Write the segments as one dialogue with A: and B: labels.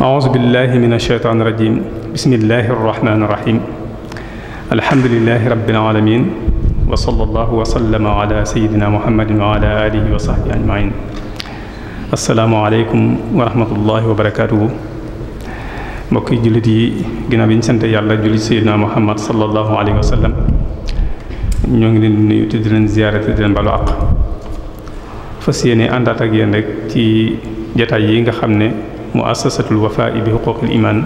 A: أعوذ بالله من الشيطان الرجيم بسم الله الرحمن الرحيم الحمد لله رب العالمين وصلى الله وسلم على سيدنا محمد وعلى آله وصحبه أجمعين asalaamaaleykum wa rahmatullahi wa barakaatuhu mbokki jullit yi ginnaaw bi ñu sant yàlla julli sayyidina muhammad sallallahu alayhi wa ñoo ngi leen di nuyu te di leen ziyaare te di leen balu àq fas yéene àndaat ak yéen rek ci jataay yi nga xam ne muassasatul wafaa bi xuquuqil iman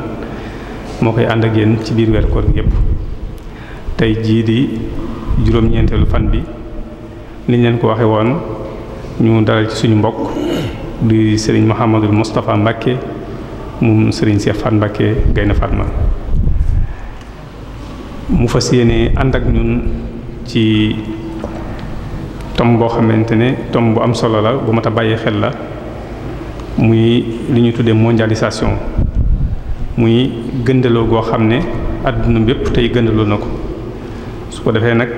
A: moo koy ànd ak yéen ci biir weer koor gi yépp tey jii di juróom-ñeenteelu fan bi liñ leen ko waxe woon ñu dalal ci suñu mbokk di sëriñ Mouhamadul Moustapha Mbacke moom sëriñ Cheikh Fat Mbacke Gaynde ma mu fa yéene ànd ak ñun ci tom boo xamante ne tom bu am solo la bu mat a bàyyi xel la muy li ñu tuddee mondialisation muy gëndaloo goo xam ne àdduna bépp tey gëndaloo na ko su ko defee nag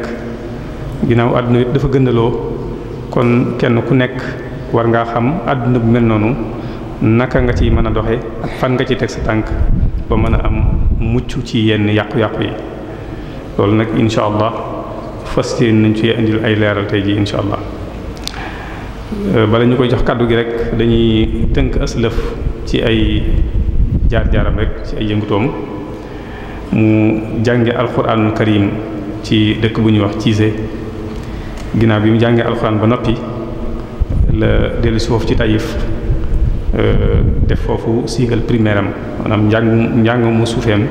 A: ginnaaw àdduna bépp dafa gëndaloo kon kenn ku nekk war ngaa xam àdduna bu mel noonu naka nga ci mën a doxe ak fan nga ci teg sa tànk ba mën a am mucc ci yenn yàqu-yàqu yi loolu nag incha allah fas yéene nañ ci indil ay leeral tey ji incha allah euh, bala ñu koy jox kàddu gi rek dañuy tënk aslëf ci ay jaar-jaaram rek ci ay yëngutoom mu jànge alxuraanul karim ci dëkk bu ñuy wax ciise ginnaaw bi mu jàngee alxuraan ba noppi la dellu si foofu ci Taïf euh, def foofu siigal primaire am maanaam njàng njàng mu suufeem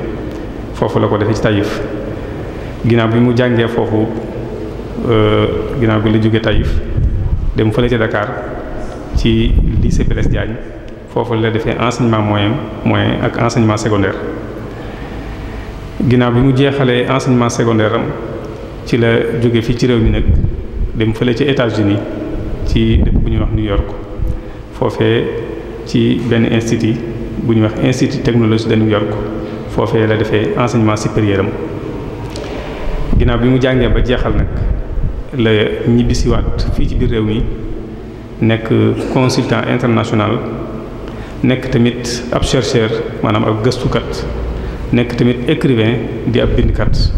A: foofu la ko defee ci Taïf ginnaaw bi mu jàngee foofu euh, ginnaaw bi la jóge Taïf dem fële ca Dakar ci lycée Blaise Diagne foofu la defee enseignement moyen moyen ak enseignement secondaire ginnaaw bi mu jeexalee enseignement secondaire am ci la jóge fii ci réew mi nag dem fële ci États-Unis ci dëkk bu ñuy wax New York foofee ci benn institut bu ñu wax institut technologie de New York foofee la defee enseignement supérieur am ginnaaw bi mu jàngee ba jeexal nag la ñibbisiwaat fii ci biir réew mi nekk consultant international nekk tamit ab chercher maanaam ab gëstukat nekk tamit écrivain di ab bindkat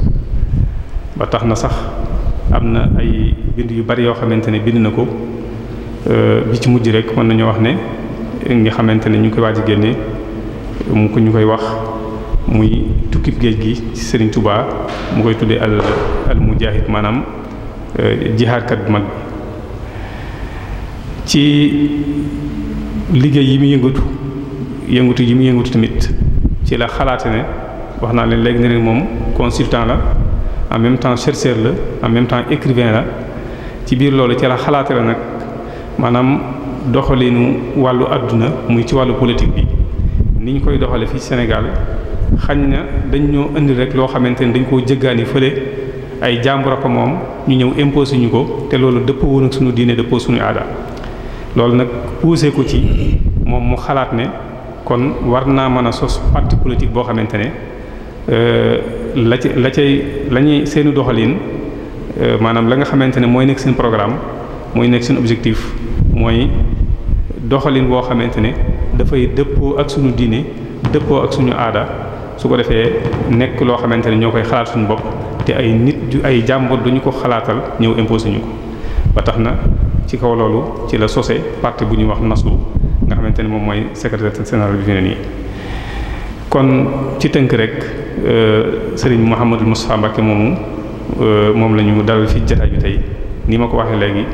A: ba tax na sax am na ay bind yu bari yoo xamante ne bind na ko Euh, bi ci mujj rek mën nañoo wax ne nga xamante ne ñu ngi koy waaj a génne mu ko ñu koy wax muy tukki géej gi ci Serigne Touba mu koy tuddee al al mujahid maanaam euh, jihaadkat bu mag ci liggéey yi mu yëngatu yëngatu yi mu yëngatu tamit ci la xalaate ne wax naa leen léegi ne leen moom consultant la en même temps chercheur la en même temps écrivain la ci biir loolu ci la xalaate la nag. maanaam doxalinu wàllu àdduna muy ci wàllu politique bi ni ñu koy doxale fi Sénégal xañ na dañ ñoo indi rek loo xamante ni dañ koo jëggaani fële ay jàmbur ak moom ñu ñëw imposé ñu ko te loolu dëppoo ak suñu diine dëppoo suñu aada loolu nag poussé ko ci moom mu xalaat ne kon war naa mën a sos parti politique boo xamante ne euh, la ci la cay la ñuy seeni doxalin euh, maanaam la nga xamante ne mooy nekk seen programme mooy nekk seen objectif mooy doxalin woo xamante ne dafay dëppoo ak suñu diine dëppoo ak suñu aada su ko defee nekk loo xamante ne ñoo koy xalaat suñu bopp te ay nit ju ay jàmbur duñu ko xalaatal ñëw imposé ñu ko ba tax na ci kaw loolu ci la sose parti bu ñuy wax nasu nga xamante ne moom mooy secrétaire général bi fi ne nii kon ci tënk rek euh, sëriñ Mouhamadou Moustapha Mbacké moomu euh, moom la ñu dalal fi jataay bi tey ni ma ko waxee léegi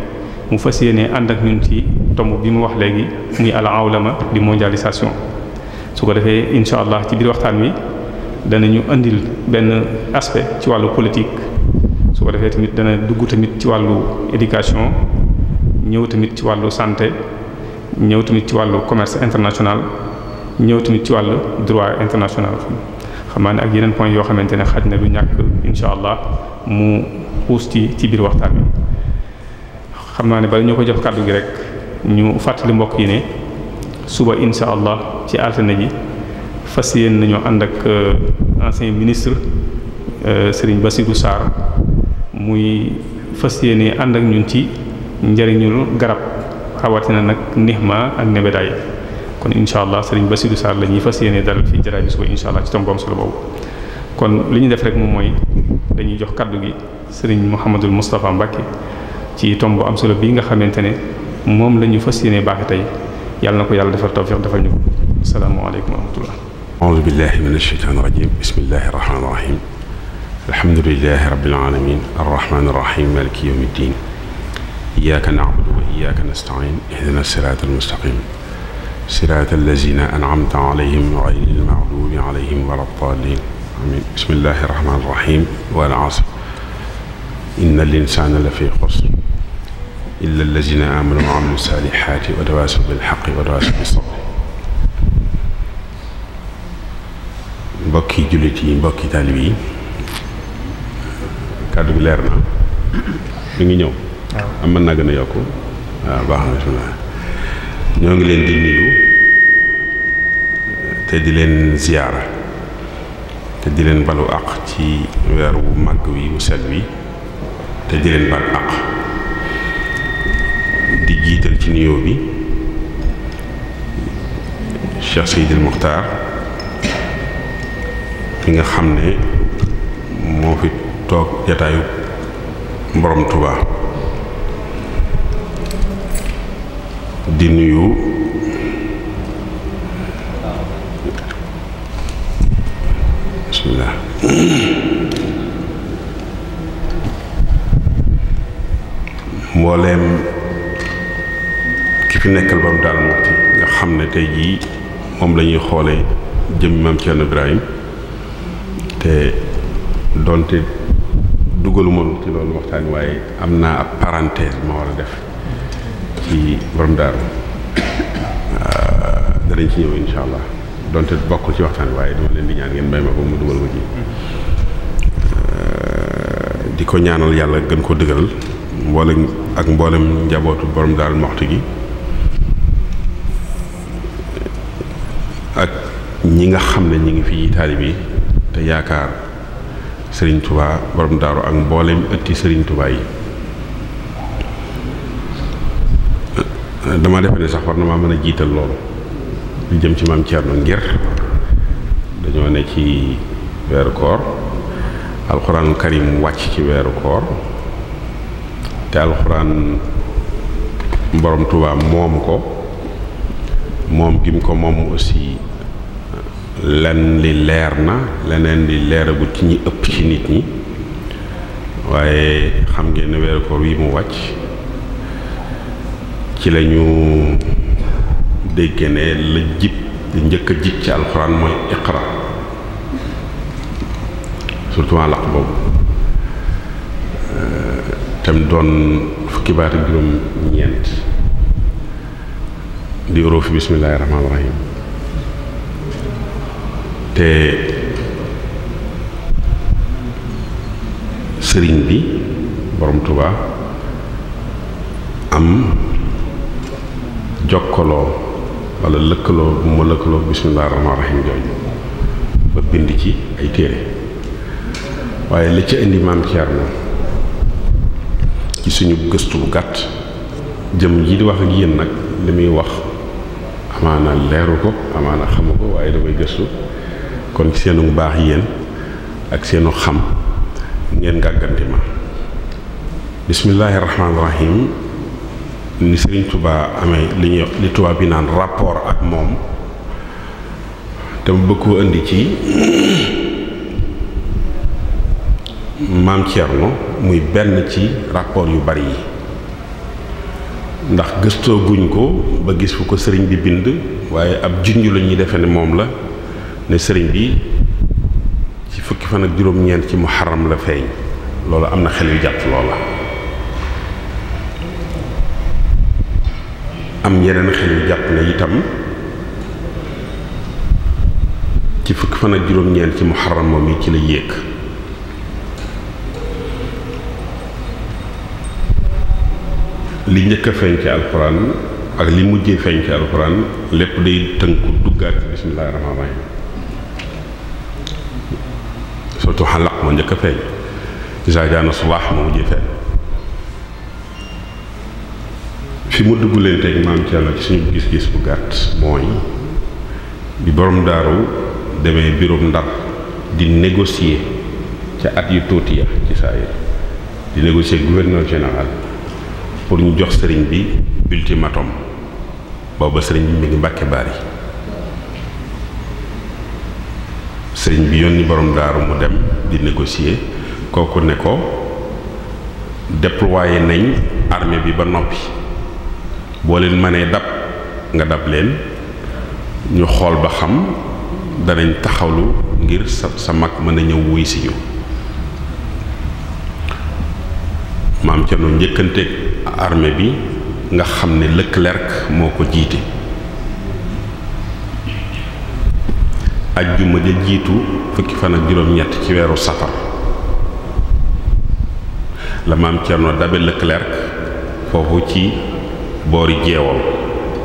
A: mu fas yéene ànd ak ñun ci tomb bi mu wax léegi muy al awlama di mondialisation su ko defee incha allah ci biir waxtaan wi danañu indil benn aspect ci wàllu politique su ko defee tamit dana dugg tamit ci wàllu éducation ñëw tamit ci wàllu santé ñëw tamit ci wàllu commerce international ñëw tamit ci wàllu droit international xamaa naa ne ak yeneen point yoo xamante ne xaj na du ñàkk incha allah mu xuus ci ci biir waxtaan wi xam naa ni bala ñoo ko jox kàddu gi rek ñu fàttali mbokk yi ne suba insha allah ci altine ji fas yéen nañoo ànd ak euh, ancien ministre euh, Serigne Bassirou Sarr muy fas yéene ànd ak ñun ci njëriñul garab na nag nixma ak nebedaay kon incha allah Serigne Bassirou Sarr la ñuy fas yéene dal fii jaraay bi suba incha allah ci tomboom solo boobu kon li ñu def rek moom mooy dañuy jox kàddu gi Serigne Mouhamadul Moustapha Mbacke ci tomb bu am solo bii nga xamante ne moom la ñu fas yéene baaxe tey yàlla na ko yàlla defal tawfiq defal ñu ko asalaamaaleykum wa rahmatullah aoudu billahi min asheytaan irajim bismillahi irrahmani irahim
B: alhamdulilahi rabilalamin arrahmani irrahim maliki yawm ddin iyaaka nacbudu wa iyaaka nastain ihdina siraat almustaqim siraat allazina anamta alayhim gayri almaghdubi alayhim wala ddaalin amin bismillahi irrahmani irrahim wal asr inna al insana la fi xusr illa allazina amanu wa amilu salihati wa tawaasaw bil xaqi wa tawaasaw mbokki jullit yi mbokki taalib yi kàddu gi leer na mu ngi ñëw am mën naa gën a yokk waaw baax na bismillah ñoo ngi leen di nuyu te di leen ziyaara te di leen balu àq ci weer wu màgg wi wu sel wi te di leen bal àq di jiital ci nuyoo bi Cheikh Seydil Muxtaar ki nga xam ne moo fi toog jataayu borom Tuubaa di nuyu bismillah mbooleem ki fi nekkal ba mu daal mooti nga xam ne tey jii moom lañuy ñuy xoolee jëm maam Thierno Ibrahim te donte dugaluma ci loolu waxtaan waaye am naa ab parenthèse ma war a def ci borom daaru ah, danañ ci ñëw incha donte bokkul ci waxtaan waaye dama leen di ñaan ngeen may ko mu dugal ah, di ko ñaanal yàlla gën ko dëgëral mboolem ak mboolem njabootu borom daal moxtu gi ak ñi nga xam ne ñi ngi fi taali bi te yaakaar sëriñ tubaa borom daaru ak mboolem ëtti sëriñ tubaa yi dama defe ne sax war na maa mën a jiital loolu lu jëm ci maam Thierno ngir dañoo ne ci weeru koor alxuraanul karim wàcc ci weeru koor te alxuraan borom tubaa moom ko moom gi mu ko moom aussi lenn li leer na leneen li leeragut ci ñi ëpp ci nit ñi waaye xam ngeen ne weeru koor wi mu wàcc ci lañu dégg ne la jib di njëkk a jib ci alxuraan mooy iqra surtout en laq boobu euh, tam doon fukki baat ak ñeent di uruf bismillaahi rahmaani rahiim te sëriñ bi borom Tuuba am jokkaloo walla lëkkaloo bu ma lëkkaloo bismillaahi rahmaani rahiim jooju ba bind ci ay téere waaye li ca indi maam Thierno ci suñu gëstu bu gàtt jëm ji di wax ak yéen nag li muy wax amaana leeru ko amaana xamu ko waaye damay gëstu kon seenu baax yéen ak seenu xam ngeen gàgganti ma bismillaahi rahmaani rahim ni Sëriñ Tuubaa amee li ñuy li tubaab bi naan rapport ak moom te mu bëgg koo indi ci maam Thierno muy benn ci rapport yu bari yi ndax gëstoo ko ba gis ko sëriñ bi bind waaye ab junj lañuy defe ne moom la ne sëriñ bi ci fukki fan ak juróom-ñeent ci muharram la feeñ loolu am na xel yu jàpp loola am yeneen xel yu jàpp ne itam ci fukki fan ak juróom-ñeent ci muharram moom yi ci la yéeg li njëkk a feeñ ci alxuraan ak li mujjee feeñ ci alxuraan lépp day tënku duggaat ci bismillaahi rahmaani rahiim surtout xalaq moo njëkk a feeñ izaa jaa nasrullaahi mu dugg leen tey ci suñu gis-gis bu gàtt mooy bi borom daaru demee biirum Ndar di négocier ca at yu tuuti ya ci saa yi di négocier gouverneur général pour ñu jox sëriñ bi ultimatum booba sëriñ bi mi ngi mbàkke baar yi sëriñ bi yónni borom daaru mu dem di négocier kooku ne ko déployé nañ armée bi ba noppi boo leen mënee dab nga dab leen ñu xool ba xam danañ taxawlu ngir sa sa mag mën a ñëw wuy si ñu maam ca nu njëkkanteeg armée bi nga xam ne Leclerc moo ko jiite juma ja jiitu fukki fan ak juróom-ñett ci weeru safar la maam Cerno dabe Leclerc foofu ci boori jeewal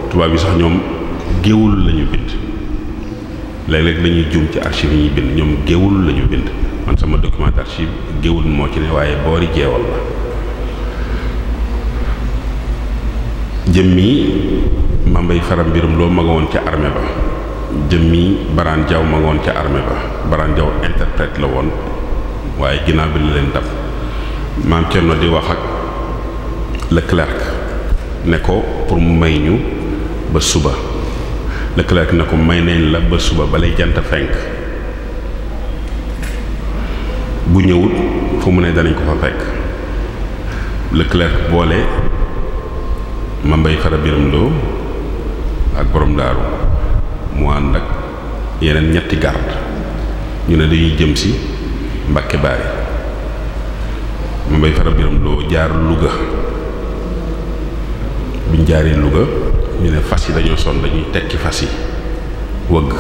B: tubaab yi sax ñoom géwul lañu bind léeg-léeg dañuy juum ci archive yi ñuy bind ñoom géewul lañu bind man sama document archive géwul moo ci ne waaye boori jeewal la jëmmi mambay faram mbirum loo ma nga woon ca armée ba jëmmi baraan jaw ma nga woon ca armée ba baraan jaw interprète la woon waaye ginnaaw bi la leen dab maam Thierno di wax ak le clerc ne ko pour mu may ñu ba suba le clerc ko may nañ la ba suba balay jant fenk bu ñëwut fu mu ne danañ ko fa fekk le boole ma mbay fara biram loo ak borom daaru mu ànd ak yeneen ñetti garde ñu ne dañuy jëm si Mbàkke Baari ma mbay fara biram loo jaar Louga buñ jaaree Louga ñu ne fas yi dañoo sonn dañuy tekki fas yi wëgg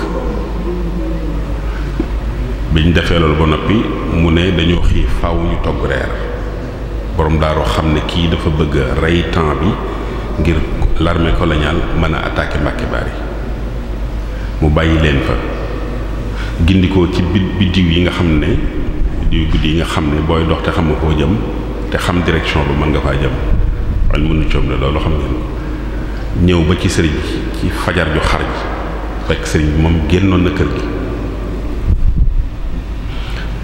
B: biñ defee loolu ba noppi mu ne dañoo xiif faaw ñu togg reer borom daaru xam ne kii dafa bëgg rey temps bi ngir l'armée coloniale mën a attaquer Mbàkke Baari mu bàyyi leen fa gindikoo ci bi biddiw yi nga xam ne biddiw guddi yi nga xam ne booy dox te xam nga koo jëm te xam direction ba mën nga faa jëm wala mënu coom la loolu xam ne ñëw ba ci sëriñ ci fajar ju xar ji fekk sëriñ bi moom génnoon na kër gi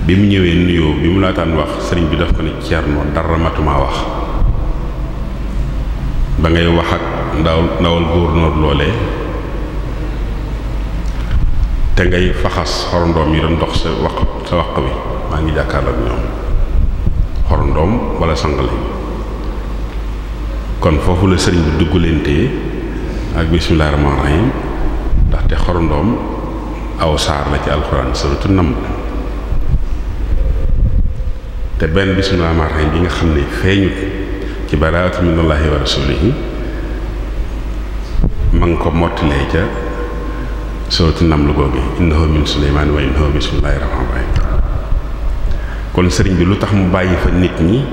B: bi mu ñëwee nuyoo bi mu laataan wax sëriñ bi daf ko ne Ceerno dara matumaa wax ba ngay wax ak ndaw ndawal gouverneur loolee te ngay faxas xorondoom yi doon ndox sa wax sa wax wi maa ngi jàkkaarloog ñoom xorondoom wala sangale kon foofu la sëriñ bi duggalantee ak bismillaahi rahmaani rahiim ndaxte xorondoom aw saar la ci alxuraan suratu nam te benn bismillaahi rahmaani rahiim nga xam ne feeñu ci baraatu minallahi wa rasulihi ma ngi ko mottalee ca sooti nam lu googe innahu min suleymaan wa innahu bismillahi rahmaani rahim kon sëriñ bi lu tax mu bàyyi fa nit ñi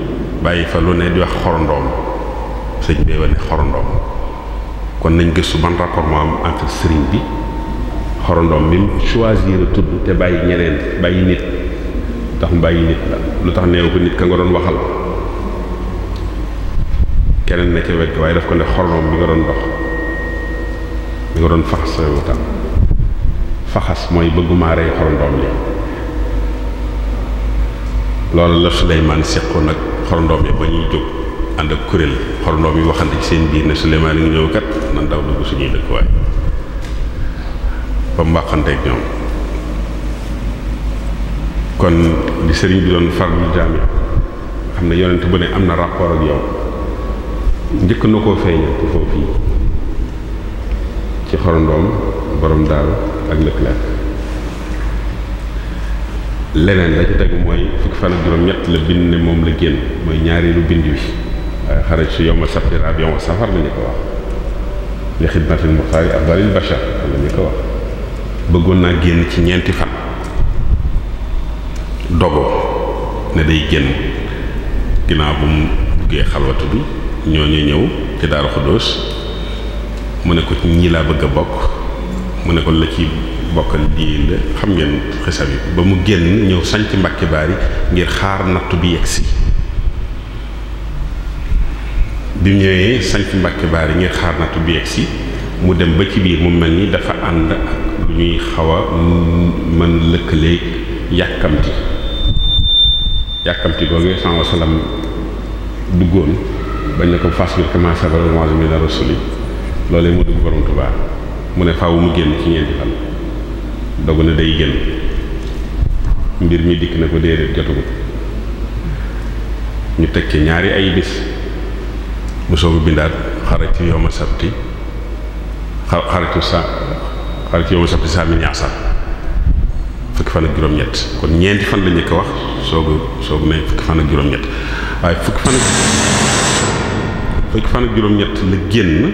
B: bàyyi fa lu ne di wax xorondoom sëriñ bee wane xorondoom kon nañ gëstu ban rapport moo am entre sëriñ bi xorondoom bi choisir a tudd te bàyyi ñeneen bàyyi nit tax mu bàyyi nit la lu tax neew ko nit ka nga doon waxal keneen na ca wet waaye daf ko ne xornoom bi nga doon dox bi nga doon faxas sa wutam faxas mooy bëgguma rey xorondoom li loolu la Suleymaan seqoon nag xorondoom yi ba ñuy jóg ànd ak kuréel xorondoom yi waxante ci seen biir ne Suleymaan ngi ñëw kat nan daw dugg suñuy dëkkuwaay ba mu waxanteeg ñoom kon di sëriñ bi doon farlu jaam yi xam ne yonent bu ne am na rapport ak yow njëkk na koo feeñal foofu yi ci xorondoom borom daal ak lëkkaleek leneen la ci mooy fukki fan ak juróom-ñett la bind ne moom la génn mooy ñaareelu bind wi waaye xarit si yow ma sabti rabion wa safar la ko wax li xidmatil muxtaari afdalil bachar la ñu ko wax bëggoon naa génn ci ñeenti fan dogoo ne day génn ginnaaw bu mu duggee xalwatu bi ñooñu ñëw te Daaru Xuddoos mu ne ko ñii laa bëgg a bokk mu ne ko la ci bokkal di xam ngeen xisab yi ba mu génn ñëw sanc Mbàkke Baari ngir xaar nattu bi yegg si bi mu ñëwee sanc Mbàkke Baari ngir xaar nattu bi si mu dem ba ci biir mu mel ni dafa ànd ak lu ñuy xaw a mën lëkkaleeg yàkkamti yàkkamti googu sallallahu alayhi wasallam duggoon bañ ne ko fasbir kamaa sabara ulul azmi minar rusuli loolee moo dugg borom Tuubaa mu ne faw mu génn ci ñeenti fan dogu ne day génn mbir mi dikk na ko déedéet jotagut ñu teg ci ñaari ay bis bu soobu bindaat xarajtu yawma sabti xarajtu sa xarajtu yawma sabti saa mi ñaasa fukki fan ak juróom-ñett kon ñeenti fan lañu ko wax soogu soogu ne fukki fan ak juróom-ñett waaye fukki fan ak fukki fan ak juróom-ñett la génn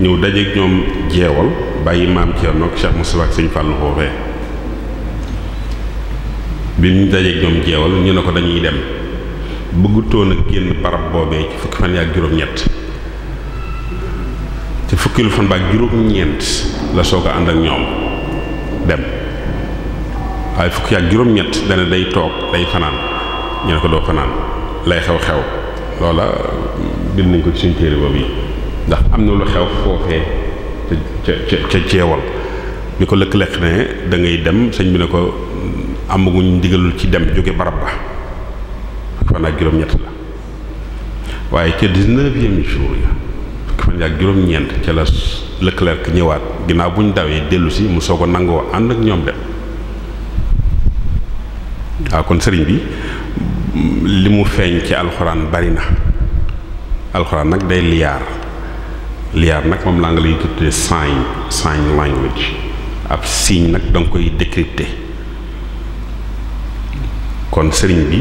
B: ñëw dajeeg ñoom jeewal bàyyi maam Thierno ak Cheikh Moustapha ak sëñ Fallou foofee bi ñu dajeeg ñoom jeewal ñu ne ko dañuy dem bëggutoon a génn barab boobee ci fukki fan yaak juróom-ñett ci fukkilu fan baak juróom-ñeent la soog a ànd ak ñoom dem waaye fukki yaak juróom-ñett dana day toog day fanaan ñu ne ko doo fanaan lay xew xew loola bind nañ ko ci suñu téere boobu ndax am na lu xew foofee ca ca ca ceewal bi ko lëkk-lëkk ne da dem sëñ bi ne ko mm, amaguñ ndigalul ci dem jóge barab ba fukki fan juróom-ñett la waaye ca dix-neuvième jour ya fukki fan lëkk-lëkk ñëwaat ginnaaw bu ñu dawee dellu mu soog a nangoo ànd ak ñoom dem waaw kon sëriñ bi mm, li mu feeñ ci alxuraan bari na alxuraan nag day liyaar liyaar nag moom laa nga lay tuddee sign sign language ab signe nag da nga koy décrypter kon sëriñ bi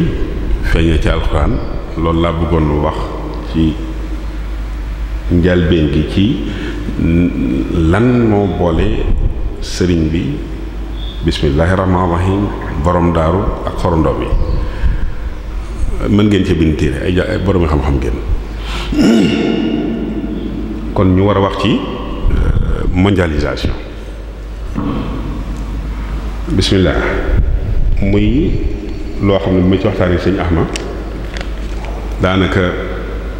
B: feeñ na ci alxuraan loolu laa bëggoon wax ci njalbeen gi ci lan moo boole sëriñ bi bismillaahi rahmaani rahiim borom daaru ak xorondom yi mën ngeen ci bind téere ay borom xam-xam ngeen kon ñu war a wax ci euh, mondialisation bismillah muy loo xam ne bu ma ci waxtaanee sëñ Ahma daanaka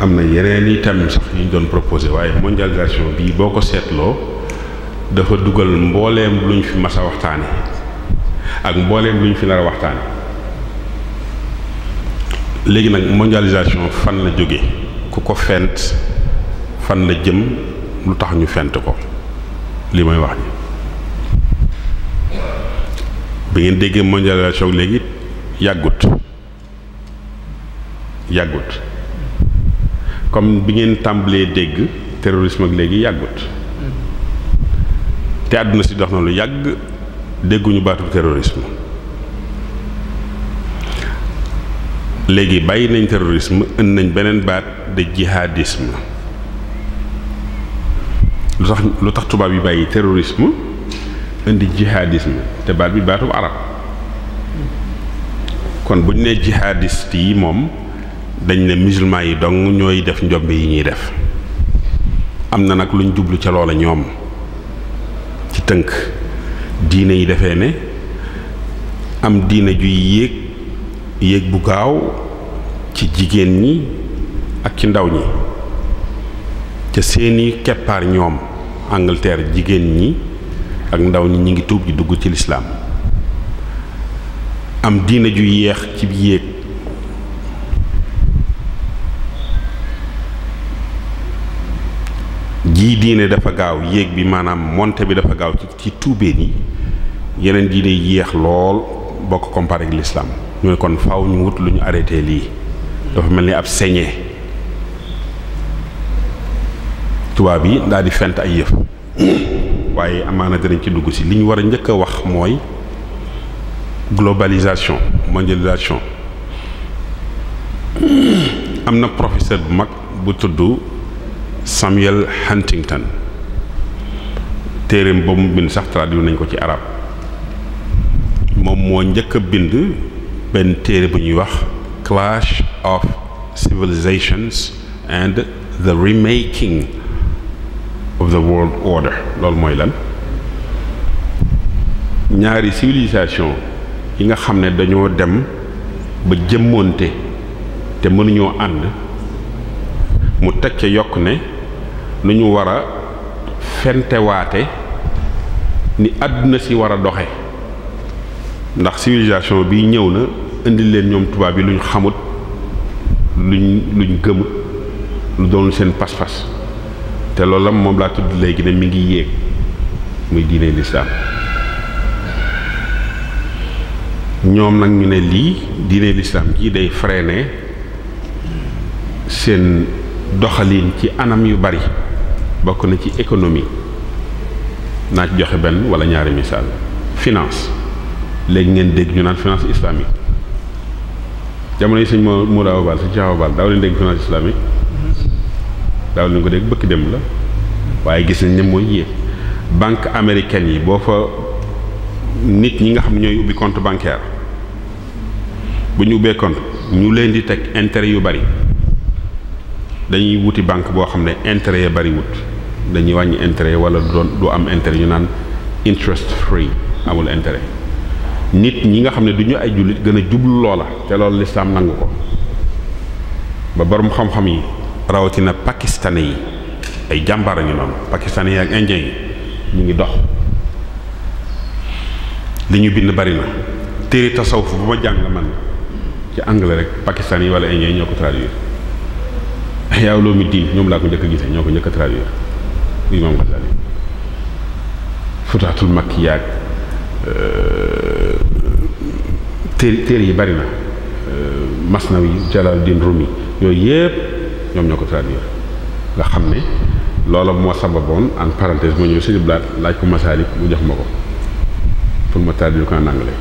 B: am na yeneen i thèmes sax yu ñu doon proposé waaye mondialisation bii boo ko seetloo dafa dugal mbooleem lu ñu fi mas a waxtaane ak mbooleem lu ñu fi nar a waxtaane léegi nag mondialisation fan la jóge ku ko fent fan la jëm lu tax ñu fent ko li may wax ji bi ngeen déggee mondialisation léegi yàggut yàggut comme bi ngeen tàmbalee dégg terrorisme ak léegi yàggut te àdduna si dox na lu yàgg dégguñu baatu terrorisme léegi bàyyi nañ terrorisme indi nañ beneen baat de jihadisme lu tax lu tax tubaab yi bàyyi terrorisme indi jihadisme te baat bi baatub arab kon bu ñu nee jihadiste yi moom dañ ne musulman yi dong ñooy def njombe yi ñuy def am na nag luñ jublu ca loola ñoom ci tënk diine yi defee ne am diine juy yéeg yéeg bu gaaw ci jigéen ñi ak ci ndaw ñi te seeni keppaar ñoom Angleterre jigéen ñi ak ndaw ñi ñu ngi tuub di dugg ci lislaam am diina ju yéex ci yéeg jii diine dafa gaaw yéeg bi maanaam monte bi dafa gaaw ci ci tuubeen yi yeneen diine yéex lool bokk ko lislaam ñu ne kon faw ñu wut lu ñu arrêté lii dafa mel ni ab saignée tubaab yi daal di fent ay yëf waaye amaana dinañ ci dugg si li ñu war a njëkk a wax mooy globalisation mondialisation am na professeur bu mag bu tudd Samuel Huntington téereem ba mu bind sax traduit nañ ko ci arab moom moo njëkk a bind benn téere bu ñuy wax clash of civilizations and the remaking of the world order loolu mooy lan ñaari civilisation yi nga xam ne dañoo dem ba jëmmoonte te mënuñoo ànd mu teg ca yokk ne lu ñu war a fentewaate ni àdduna si war a doxe ndax civilisation bi ñëw na indi leen ñoom tubaab yi luñ xamut luñ luñ gëmut lu doon seen pas te loolu la moom laa tudd léegi ne mu ngi yéeg muy diine lislaam ñoom nag ñu ne lii diine lislaam ji day freiné seen doxalin ci anam yu bari bokk na ci économie naa ci joxe benn wala ñaari misaal finance léegi ngeen dégg ñu naan finance islamique jamono yi sëñ moo Moura Obal sëñ Cheikh Obal daaw leen dégg finance islamique daaw leen ko dégg bëkk dem la waaye gis nañ ne mooy yéeg banque américaine yi boo fa nit ñi nga xam ne ñooy ubbi compte bancaire bu ñu ubbee compte ñu leen di teg intérêt yu bari dañuy wuti banque boo xam ne intérêt ya bari wut dañuy wàññi intérêt wala du du am intérêt ñu naan interest free amul intere nit ñi nga xam ne du ñu ay jullit gën a jublu loola te loolu lislaam nangu ko ba boroom xam-xam yi rawatina pakistanais yi ay jàmbaar a ngi noonu pakistanais yi ak indien yi ñu ngi dox li ñu bind bari na téere tasawuf bu ma jàng man ci anglais rek pakistan yi wala indien yi ñoo ko traduire yaaw loo mi diin ñoom laa ko njëkk a ñoo ko njëkk a imaam Ghazali futaatul makki yaag téere téere yi bari na euh, Masnawi Jalaluddin Rumi yooyu yëpp ñoom ñoo ko traduire nga xam ne loola moo sababoon en parenthèse ma ñëw sëñ blaat laaj ko Masalik mu jox ma ko pour ma traduire ko en anglais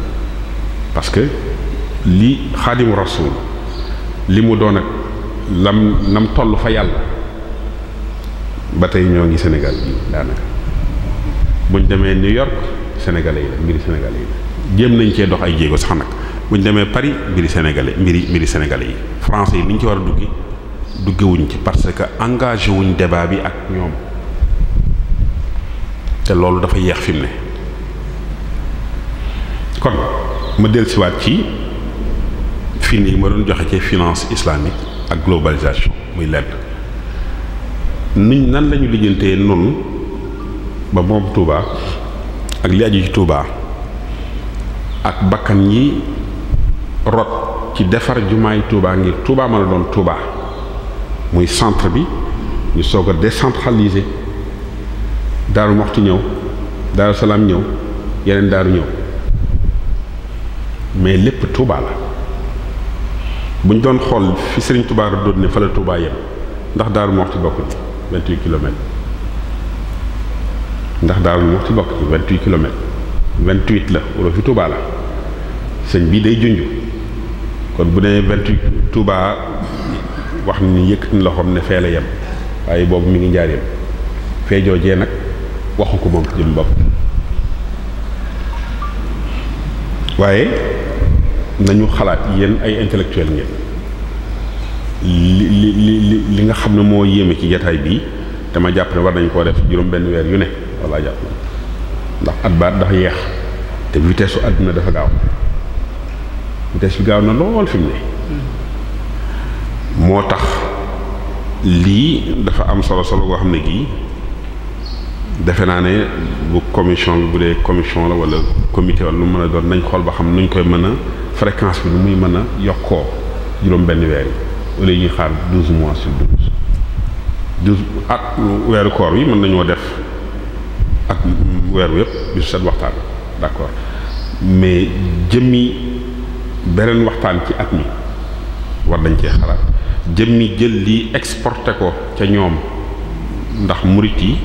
B: parce que li Xaadimu Rasuul li mu doon ak lam nam toll fa yàlla ba tey ñoo ngi Sénégal bi daanaka buñ demee New York sénégalais yi la mbiri sénégalais yi la jéem nañ cee dox ay jéego sax nag bu ñu demee Paris mbiri sénégalais mbiri mbiri sénégalais yi français yi ni ñu ci war a duggi duggewuñ ci parce que engagé wuñ débat bi ak ñoom te loolu dafa yeex fi ne kon ma dellusiwaat ci fii nii ma doon joxe ci finance islamique ak globalisation muy lenn nuñ nan lañu lijjantee noonu ba moom Touba ak li aju ci Touba ak bakkan yi rot ci defar jumaay Touba ngir Touba mën a doon Touba muy centre bi ñu soog a décentraliser Daaru Moxti ñëw Daaru Salaam ñëw yeneen daaru ñëw mais lépp Touba la buñ doon xool fi Sëriñ Touba doon ne fa la Touba yem ndax Daaru Moxti bokk ci vingt-huit kilomètres ndax Daaru Moxti bokk ci vingt-huit kilomètres vingt-huit la wala fi Touba la sëñ bii day junj. kon bu ne vingt-huit Touba wax ni yëkkati loxoom ne fee la yem waaye boobu mi ngi njaareem fee joojee nag waxu ko moom ci jëm bopp waaye nañu xalaat yenn ay intellectuel ngeen li li li li nga xam ne moo yéeme ci jataay bii dama jàpp ne war nañ koo def juróom benn weer yu ne walla jàpp na ndax at baat dafa yeex te vitesse su àdduna dafa gaaw des bi gaaw na lool fi ne moo tax lii dafa am solo solo goo xam ne gii defe naa ne bu commission bi bu dee commission la wala comité wala lu mën a doon nañ xool ba xam nuñ koy mën a fréquence bi nu muy mën a yokkoo juróom benn weer yi au lieu ñuy xaar douze mois sur weeru koor wi mën nañoo def ak weer wi yëpp bisu set waxtaan d'accord mais jëmmi beneen waxtaan ci at mi war dañ cee xalaat jëmmi jël lii exporté ko ca ñoom ndax murit yi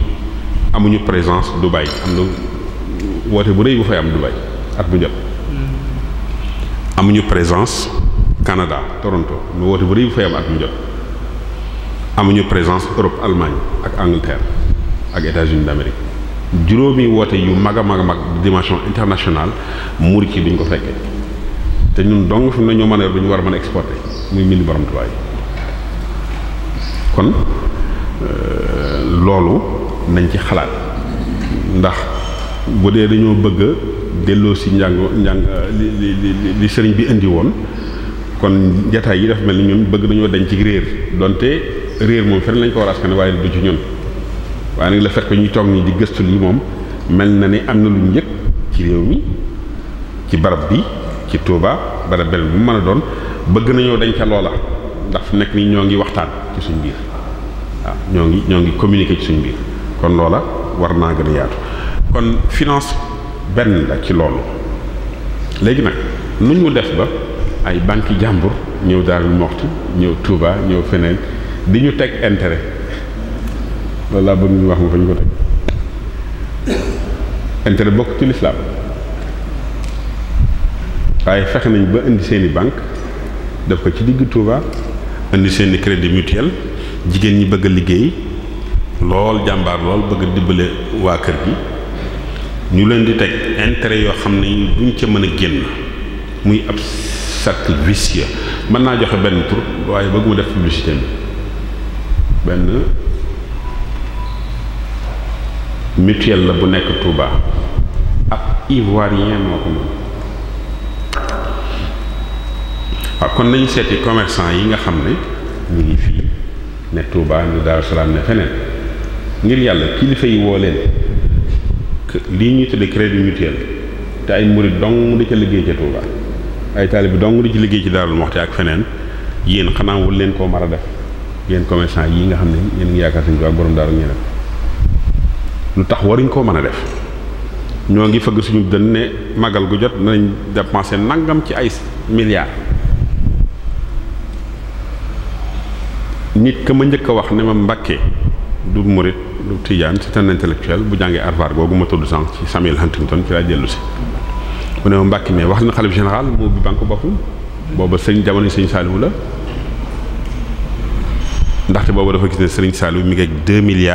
B: amuñu présence Dubaï am na woote bu rëy bu fay am Dubaï at bu jot amuñu présence Canada Toronto nu woote bu rëy bu fay am at bu jot amuñu présence Europe Allemagne ak Angleterre ak États-Unis d'Amérique juróomi woote yu mag a mag a mag dimension internationale murit yi duñ ko fekkee te ñun dong fi mu ne ñoo man a yor bi ñu war a mën a exporté muy mbind borom Tuubaa yi kon euh, loolu nañ ci xalaat ndax bu dee dañoo bëgg a delloo si njàng njàng euh, li li li sëriñ bi indi woon kon jataay yi dafa mel ni ñun bëgg dañoo dañ ci réer donte réer moom feneen lañ ko war askan waaye du ci ñun waaye nag la fekk ñuy toog nii di gëstu lii moom mel na ni am na lu ñu ci réew mi ci barab bi ci Touba bara bel bu mën a doon bëgg nañoo dañ ca loola ndax fu nekk nii ñoo ngi waxtaan ci suñ biir waaw ñoo ngi ñoo ngi communiquer ci suñ biir kon loola war naa gën a yaatu kon finance benn la ci loolu léegi nag nu ñu def ba ay banque jàmbur ñëw Darou Moukhty ñëw Touba ñëw feneen di ñu teg intérêt loolu laa bëgg ñu wax ma fa ñu ko teg intérêt bokk ci lislaam waaye fexe nañ ba indi seeni bank banque ko ci digg Touba indi seeni i crédit mutuel jigéen ñi bëgg liggéey lool jàmbaar lool bëgg a dimbale waa kër gi ñu leen di teg intérêt yoo xam ne duñ ca mën a génn muy ab cercle vicieux mën naa joxe benn tur waaye bëgguma def publicité bi benn mutuel la bu nekk Touba ab ivoirien moo ko moom waaw kon nañu seeti commerçant yi nga xam ne ñu fii ne Touba ne Daaru Salaam ne feneen ngir yàlla kilifa yi woo leen lii ñuy tudde crédit mutuel te ay murid dong di ca liggéey ca Touba ay taalibe dong di ci liggéey ci Daarul Muxti ak feneen yéen xanaa wul leen koo mar a def yéen commerçant yi nga xam ne yéen ngi yaakaar suñu ak borom daaru ñeneen lu tax waruñ koo mën a def ñoo ngi fëgg suñu dënn ne magal gu jot nañ dépensé nangam ci ay milliards nit ka ma njëkk a wax ne ma Mbàkke du murit du tijaan c'est un intellectuel bu jàngee Harvard googu ma tudd sànq ci Samuel Huntington ci laa dellu si mu ne ma Mbàkke mais wax na xalif général moo bi banque boppam booba sëñ jamono sëñ Saliou la ndaxte booba dafa gis ne sëriñ Saliou mi ngi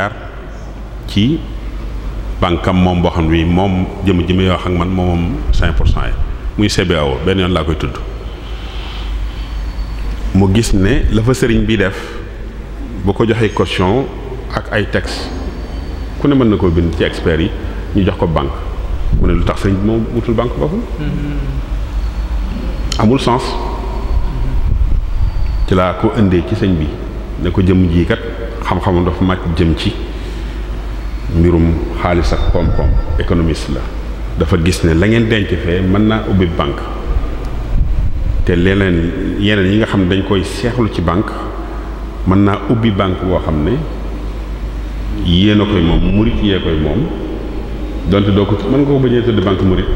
B: ci banque am moom boo xam ne moom jëm jëme yoo xam man moom moom pour cent muy CBAO benn yoon laa koy tudd mu gis ne la fa sëriñ bi def boo ko joxee caution ak ay texte ku ne mën na koo bind ci experts yi ñu jox ko banque mu ne lu tax sëñ bi moom wutul banque boppam mm-hmm. amul sens ci laa ko indee ci sëñ bi ne ko jëm jii kat xam-xamam dafa màcc jëm ci mbirum xaalis ak koom-koom économiste la dafa gis ne la ngeen denc fee mën naa ubbi banque te leneen yeneen yi nga xam ne dañ koy seexlu ci banque mën naa ubbi banque boo xam ne yéen a koy moom murit yee koy moom donte doo ko mën nga ko bañee tëdd banque murit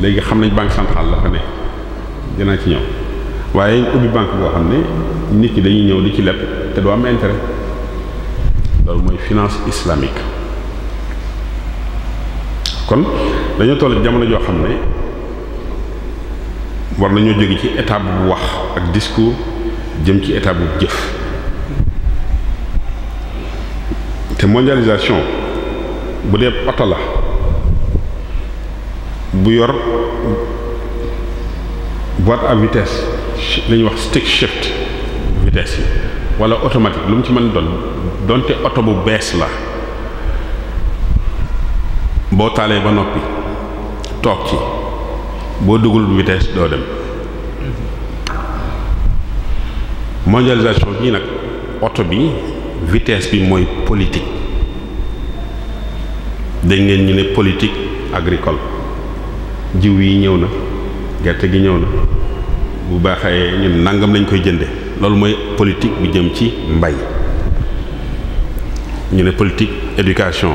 B: léegi xam nañ banque centrale la fa ne a ci ñëw waaye ubbi banque boo xam ne nit ñi dañuy ñëw di ci lepp te doo am intérêt loolu mooy finance islamique kon dañoo toll jamono joo xam ne war nañoo jóge ci étape bu wax ak discours jëm ci étape bu jëf te mondialisation bu dee oto la bu yor boîte à vitesse la wax stick shift vitesse yi wala automatique lu mu ci mën doon donte oto bu bees la boo taalee ba noppi toog ci boo dugul vitesse doo dem mondialisation bii nag oto bi vitesse bi mooy politique dañ ngeen ñu ne politique agricole jiw yi ñëw na gerte gi ñëw na bu baaxee ñun nangam lañ koy jënde loolu mooy politique bu jëm ci mbay ñu ne politique éducation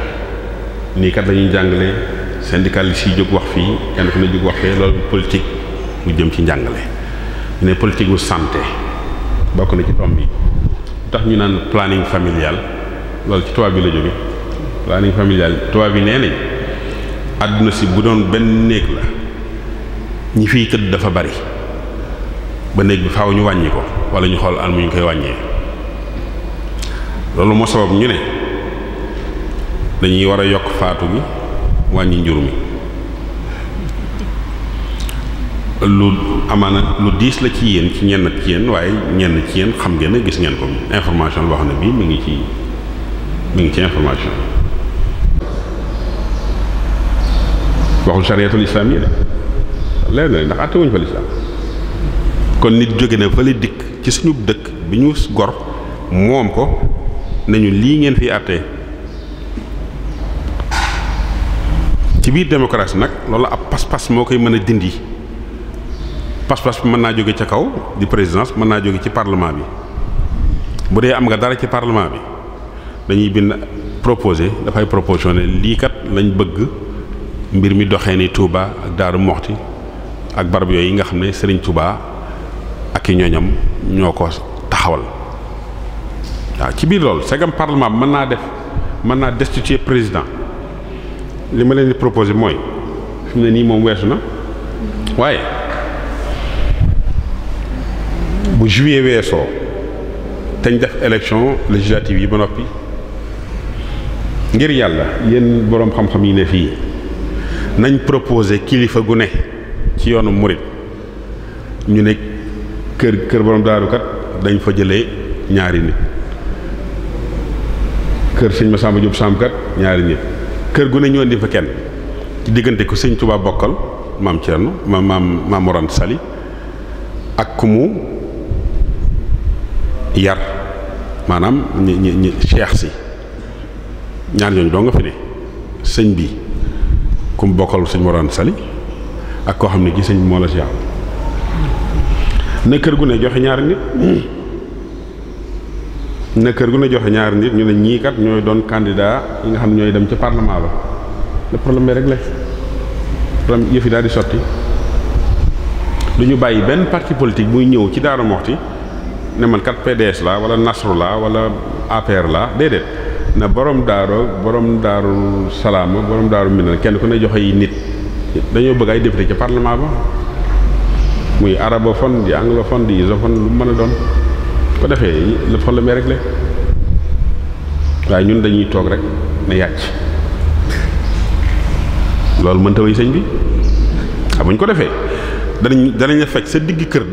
B: nii kat la ñuy jàngale syndicaliste yi jóg wax fii kenn ku ne jóg wax fee loolu politique bu jëm ci njàngale ñu ne politique bu santé bokk na ci tomb yi tax ñu naan planning familial loolu ci tubaab bi la jóge planning familial tubaab bi nee nañ àdduna si bu doon benn néeg la ñi fiy tëdd dafa bari ba néeg bi faaw ñu wàññi ko wala ñu xool al mu ñu koy wàññee loolu moo sabab ñu ne dañuy war a yokk faatu bi wàññi njur mi lu amaana lu diis la ci yéen ci ñenn ci yéen waaye ñenn ci yéen xam ngeen gis ngeen ko information boo xam ne bii mu ngi ci mu ngi ci information waxul chariatul islam yi de leer na ndax àttewuñ fa lislaam kon nit jóge na fële dikk ci suñu dëkk bi ñu gor moom ko nañu lii ngeen fi àttee ci biir démocratie nag loolu ab pas-pas moo koy mën a dindi pas-pas bi mën naa jóge ca kaw di présidence mën naa jóge ci parlement bi bu dee am nga dara ci parlement bi dañuy bind proposé dafay proposition ne lii kat lañu bëgg mbir mi doxee ni Touba ak Daaru Moxti ak barab yooyu nga xam ne Serigne Touba ak i ñoñam ñoo ko taxawal waaw ci biir loolu segam parlement bi mën naa def mën naa des ci président li ma leen di proposé mooy fi ne nii moom weesu na waaye. bu juillet weesoo te ñu def élection législative yi ba noppi ngir yàlla yéen boroom xam-xam yi ne fii nañ proposé kilifa gu ne ci yoonu murit ñu ne kër kër boroom daaru kat dañ fa jële ñaari nit kër sëñ Massamba Diop Samb kat ñaari nit kër gu ne ñu indi fa kenn diggante ko sëñ Touba bokkal maam Thierno maam maam maam Morane Sali ak ku mu yar maanaam ñi ñi ñi cheikh si ñaar ñooñu doo nga fi ne sëñ bi ku mu bokkal sëñ Morane Sali ak koo xam ne gis sëñ moo la si yàlla na kër gu ne joxe ñaari nit na kër gu ne joxe ñaari nit ñu ne ñii kat ñooy doon candidat yi nga xam ne ñooy dem ca parlement la le problème rek la problème yëf yi daal di sotti du ñu bàyyi benn parti politique muy ñëw ci Darou Moukhty ne man kat PDS la wala Nasru la wala APR la déedéet na borom daaroo borom daaru salaama borom daaru minal kenn ko ne joxe yi nit dañoo bëgg ay député ci parlement ba muy arabophone di anglophone di isophone lu mën a doon ko defee le problème est réglé waaye ñun dañuy toog rek ne yàcc loolu mënta way sëñ bi waaw bu ñu ko defee danañ danañ la fekk sa digg kër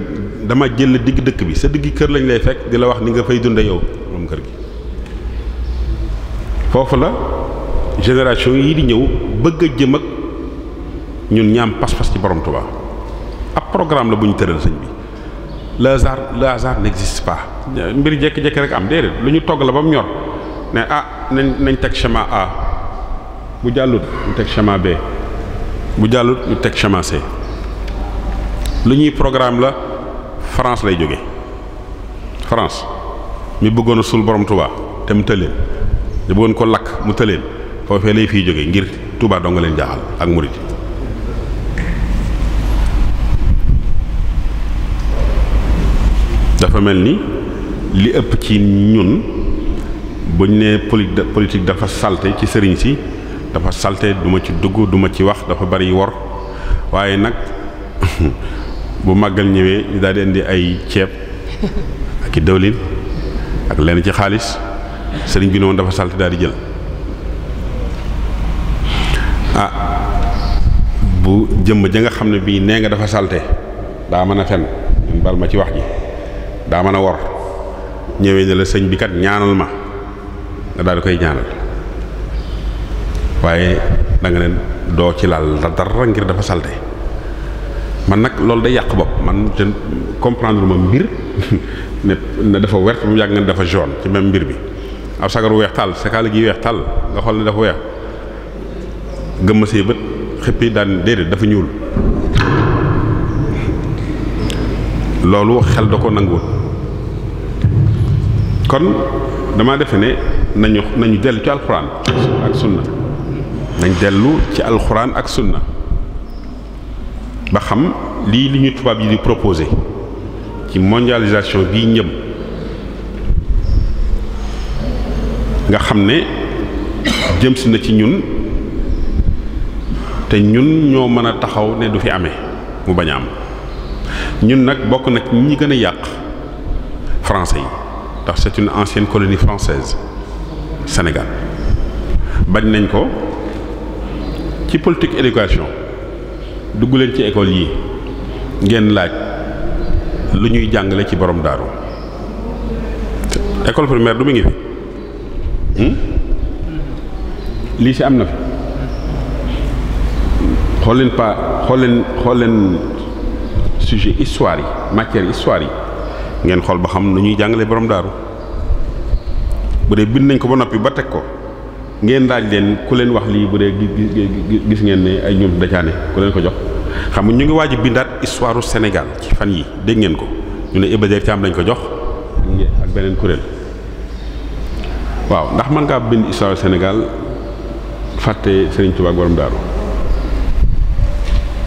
B: dama jël digg dëkk bi sa digg kër lañ lay fekk di la wax ni nga fay dunde yow moom kër gi foofu la génération yi di ñëw bëgg a jëm ak ñun ñaam pas-pas ci borom Tuubaa ab programme la bu ñu tëral sëñ bi le hasard le hasard n'existe pas mbir jékki-jékki rek am déedéet lu ñu togg la ba mu ñor ne ah nañ nañ teg chemin A bu jàllut ñu teg chemin B bu jàllut ñu teg chemin C lu ñuy programme la France lay jóge France mi bëggoon a suul borom tubaa te mu tëleen ñu bëggoon ko lakk mu tëleen foofee lay fiy jóge ngir tubaa doo nga leen jaaxal ak murid dafa mel ni li ëpp ci ñun buñ ne poli politique dafa salte ci sëriñ si dafa salte duma ci dugg duma ci wax dafa bari wor waaye nag bu màggal ñëwee ñu daal di indi ay ceeb ak i dawlin ak lenn ci xaalis sëriñ bi noonu dafa salti daal di jël ah bu jëmm ja nga xam ne bii nee nga dafa salte daa mën a fen bal ma ci wax ji daa mën a wor ñëwee ne la sëñ bi kat ñaanal ma nga daal di koy ñaanal waaye da nga ne doo ci laal dara ngir dafa salte man nag loolu day yàq bopp man je comprendre ma mbir ne ne dafa wert ba mu yàgg nga ne dafa jaune ci même mbir bi ab sagar weex tàll sa kaala gi weex tàll nga xool ne dafa weex gëmma see bët xëppi daan déedéet dafa ñuul loolu xel da ko nanguwul kon damaa defe ne nañu nañu dellu ci alxuraan ak sunna nañ dellu ci alxuraan ak sunna ba xam lii li ñu tubaab yi di proposé ci mondialisation bii njëm nga xam ne jëm si na ci ñun te ñun ñoo mën a taxaw ne du fi amee mu bañ a am ñun nag bokk nag ñi gën a yàq français yi ndax c'est une ancienne colonie française senegal bañ nañ ko ci politique éducation dugg leen ci école yi ngeen laaj lu ñuy jàngale ci borom daaru école primaire du mu ngi fi hmm? lii si am na fi xool leen pa xool leen xool leen sujet histoire yi matière histoire yi ngeen xool ba xam lu ñuy jàngale borom daaru bu dee bind nañ ko ba noppi ba teg ko ngeen laaj leen ku leen wax lii bu dee gis ngeen ne ay ñoom dacaane ku leen ko jox xam nga ñu ngi waaj a bindaat histoire Sénégal ci fan yi dégg ngeen ko ñu ne Iba Der Thiam lañ ko jox ak beneen kuréel waaw ndax mën ngaa bind histoire Sénégal fàtte Serigne Touba ak borom daaru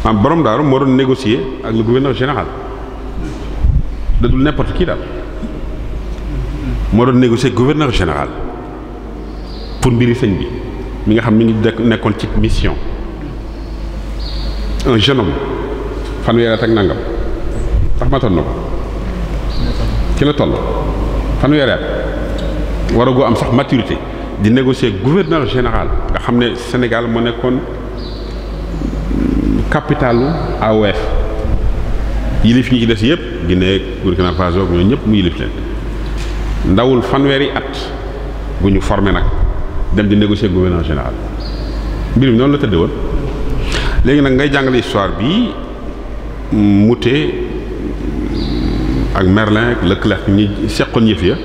B: am borom daaru moo doon négocier ak le gouverneur général da dul n'importe qui daal moo doon négocier gouverneur général pour mbiri sëñ bi mi nga xam mi ngi nekkoon ci mission. un jeune homme fanweeri at ak nangam ndax matoon na ko ci la toll fanweeri at waragoo am sax maturité di négocier gouverneur général nga xam ne Sénégal moo nekkoon capitalu AOF yilif ñi ci des yëpp Guinée Burkina Faso ñoo ñëpp mu yilif leen ndawul fanweeri at bu ñu formé nag dem di négocier gouverneur général mbir noonu la tëdde woon léegi nag ngay jàngale histoire bi mute ak Merlin ak Leclerc ñi seqoon yëf ya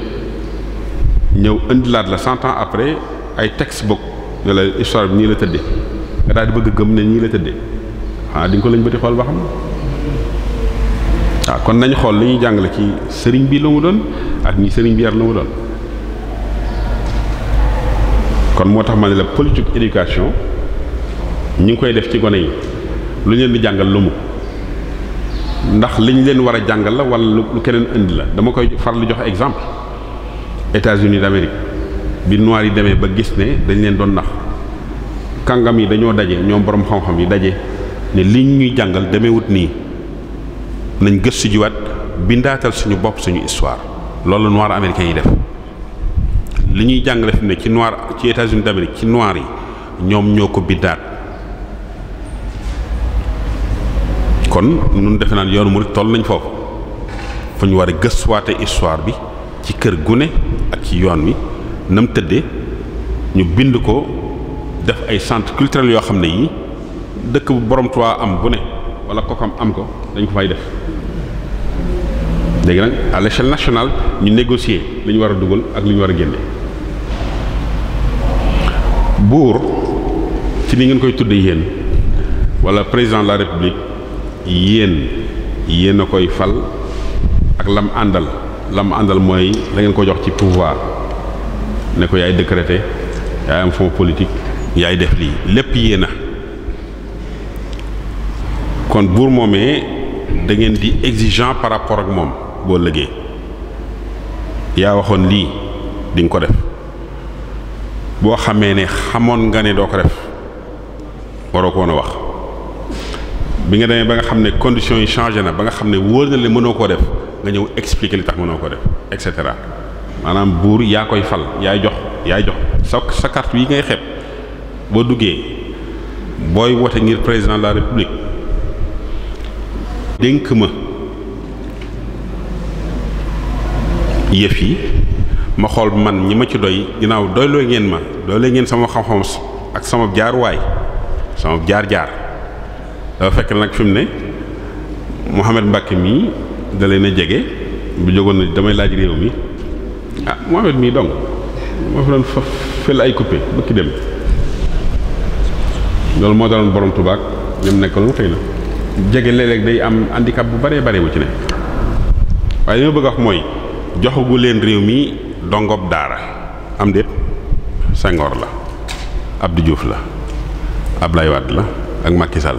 B: ñëw indilaat la cent ans après ay texte book ne la histoire bi nii la tëddee nga daal di bëgg gëm ne nii la tëddee ah di ko lañ bëti xool ba xam waaw ah, kon nañ xool li ñuy jàngale ci sëriñ bi la mu doon ak ñi sëriñ bi yar la mu doon kon moo tax ma ne la politique éducation ñu ngi koy def ci gone yi lu ñu leen di jàngal lu mu ndax li ñu leen war a jàngal la wala lu keneen indi la dama koy lu jox exemple États-Unis d'Amérique bi noir yi demee ba gis ne dañ leen doon nax kàngam yi dañoo daje ñoom borom xam-xam yi daje ne li ñuy jàngal demeewut nii nañ gëstu jiwaat bindaatal suñu bopp suñu histoire loolu noir américain yi def li ñuy jàngal fi ne ci noir ci États-Unis d'Amérique ci noir yi ñoom ñoo ko bindaat kon nun defe naan yoon murid toll nañ foofu fu ñu war a gëstuwaate histoire bi ci kër gune ak ci yoon wi nam tëddee ñu bind ko def ay centre culturel yoo xam ne yi dëkk bu borom Tuubaa am bu ne wala kokam am ko dañ ko fay def dégg nag à national ñu négocier li ñu war a dugal ak li ñu war a génne buur ci li ngeen koy tudd yéen walla président de la république yéen yéen a koy fal ak lam àndal lam àndal mooy la ngeen ko jox ci pouvoir ne ko yaay décréter yaay am fond politique yaay def lii lépp yéen a kon buur moomee da ngeen di exigent par rapport ak moom boo lëgee yaa waxoon lii di ko def boo xamee ne xamoon nga ne doo ko def waroo ko a wax bi nga demee ba nga xam ne conditions yi changé na ba nga xam ne wóor na le mënoo ko def nga ñëw expliquer li tax mënoo ko def et cetera maanaam buur yaa koy fal yaay jox yaay jox sa sa carte yi ngay xeeb boo duggee booy wote ngir président de la république dénk ma yëf yi ma xool man ñi ma ci doy ginnaaw doyloo ngeen ma doyloo ngeen sama xam-xam ak sama jaar waay sama jaar jaar dafa euh, fekk nag fi mu ne Mouhamed Mbacke mii da leen jege bu jógoon na damay laaj réew mi ah Mouhamed mii dong moo fi doon fël ay coupé bëkki dem loolu moo daloon borom tubaak ñoom nekkaloon xëy na jege léeg day am handicap bu baree baree bu ci ne waaye li bëgg a wax mooy joxagu leen réew mi dongob daara am déet Senghor la Abdou Diouf la Abdoulaye Wade la ak makkisal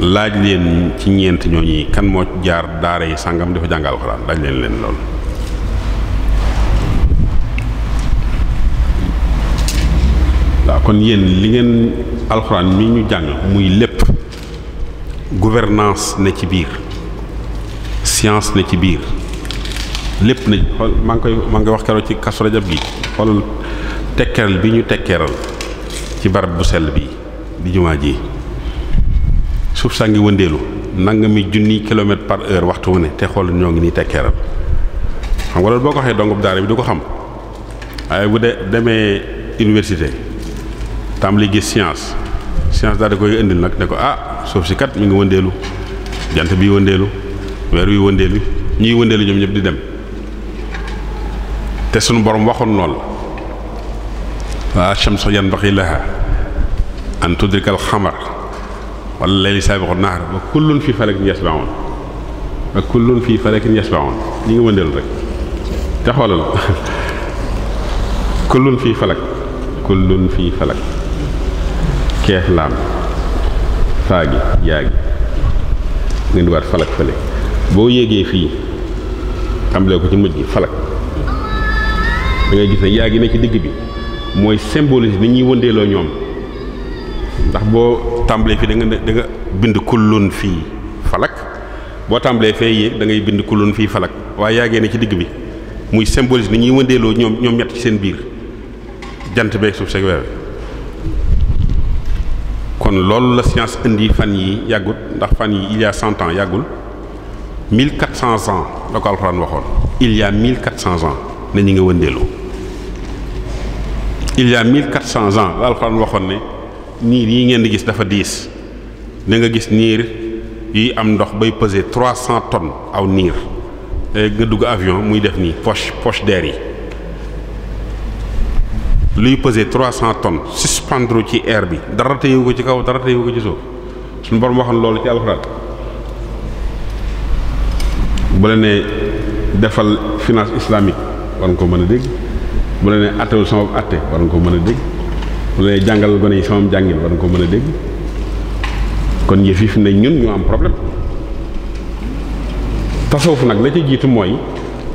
B: laaj leen ci ñeent ñooñi kan moo jaar daara yi sàngam dafa jàng alxuraan laaj leen lool waaw kon yéen li ngeen alxuraan mi ñu jàng muy lépp gouvernance ne ci biir science ne ci biir lépp na xool maa koy maa koy wax keroog ci Kazu Rajab gi xool tekkeral bi ñu tekkeral ci barab bu sell bi di jumaa ji suuf saa ngi wëndeelu nangami junni kilomètre par heure waxtu wu ne te xool ñoo ngi nii tekkeeral xam nga loolu boo ko waxee dongub daara bi du ko xam waaye bu de demee université tam li gis science science daal koy indil nag ne ko ah suuf si kat mi ngi wëndeelu jant bii wëndeelu weer wi wëndeelu ñuy wëndeelu ñoom ñëpp di dem te sunu borom waxoon lool waa shamsu yanbaghi laha an tudrika al-qamar wala layli saabiqun naar ba kullun fii falakin yasbaxoon ba kullun fii falakin yasbaxoon ñi ngi wëndeel rek te xoolal kullun fii falak kullun fi falak keef laam faagi yaagi nga ndiwaat falak fële boo yéegee fii tàmbalee ko ci mujj gi falak gis ne yaagi ne ci digg bi mooy symboliser ni ñuy wëndeeloo ñoom ndax boo tàmbalee fii danga nga danga nga bind kullun fii falak boo tàmbalee fee yéeg da ngay bind kullun fii falak waaye yàggee ne ci digg bi muy symbolisme ni ñuy wëndeeloo ñoom ñoom ñett ci seen biir jant beeg suuf seeg kon loolu la science indi fan yi yàggut ndax fan yi il y cent ans yàggul mille quatre cent ans la ko alxuraan waxoon il y a mille quatre cent ans na ñu ngi wëndeeloo il y a cent ans la alxuraan waxoon ne niir yi ngeen di gis dafa diis da nga gis niir yuy am ndox bay peser trois cent tonnes aw niir nga dugg avion muy def nii poche poche d'air yi luy peser trois cent tonnes ci air bi dara téyewu ko ci kaw dara téyewu ko ci suuf suñu borom waxoon loolu ci alxuraan bu la nee defal finance islamique war nga ko mën a dégg bu la ne attewul sama atte war nga ko mën a dégg bu lay jàngal gone yi sama jàngin war nga ko mën a dégg kon yëf yi fi ne ñun ñu am problème tasawuf nag la ca jiitu mooy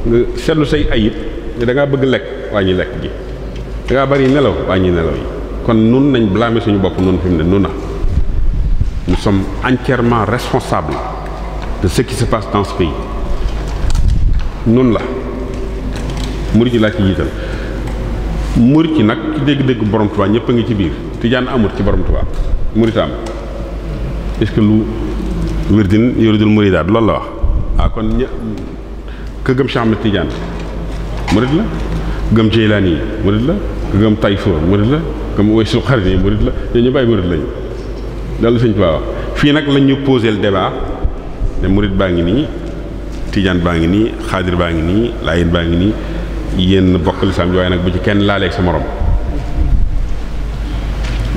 B: nga seetlu say ayib da ngaa bëgg lekk waa ñi lekk gi da bari nelaw waa ñi nelaw yi kon nun nañ blâmer suñu bopp nun fim ne nun na nous sommes entièrement responsables de ce qui se passe dans pays nun la murid yi laa ci jiital murit yi nag ci dégg-dégg borom Tuubaa ñëpp a ngi ci biir tijaan amut ci borom Tuubaa murit am est-ce que lu wirdin yuridul muridaat loolu la wax ah kon ña ka gëm Cheikh Ahmed Tidiane murit la gëm Jeylaani yi murit la ka gëm Tayfoor murit la gëm Waysul Xarni yi murit la ñoo ñu bàyyi murit lañu loolu sëñ Tuubaa wax fii nag lañ ñu posé le débat ne murit baa ngi nii tijaan baa ngi nii xaadir baa ngi nii laayeen baa ngi nii yéen bokk lislaam waaye nag bu ci kenn laalee sa morom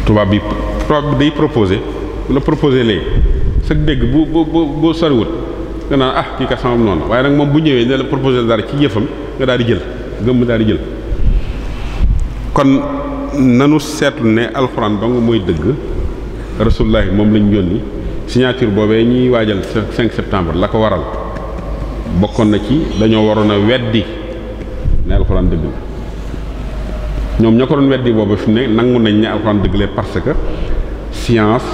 B: tubaab bi tubaab bi day proposé la proposé léegi sa dégg bu bu bu bu soriwut nga naan ah kii kat sama noonu waaye nag moom bu ñëwee ne la proposé dara ci yëfam nga daal di jël gëmm daal di jël kon nanu seetlu ne alxuraan dong mooy dëgg rasulullaahi moom lañ yónni signature boobee ñuy waajal 5 septembre la ko waral bokkoon na ci dañoo waroon a weddi ne alxuraan dëgg la ñoom ñoo ko doon weddi boobu fi ne nangu nañ ne alxuraan dëgg la parce que science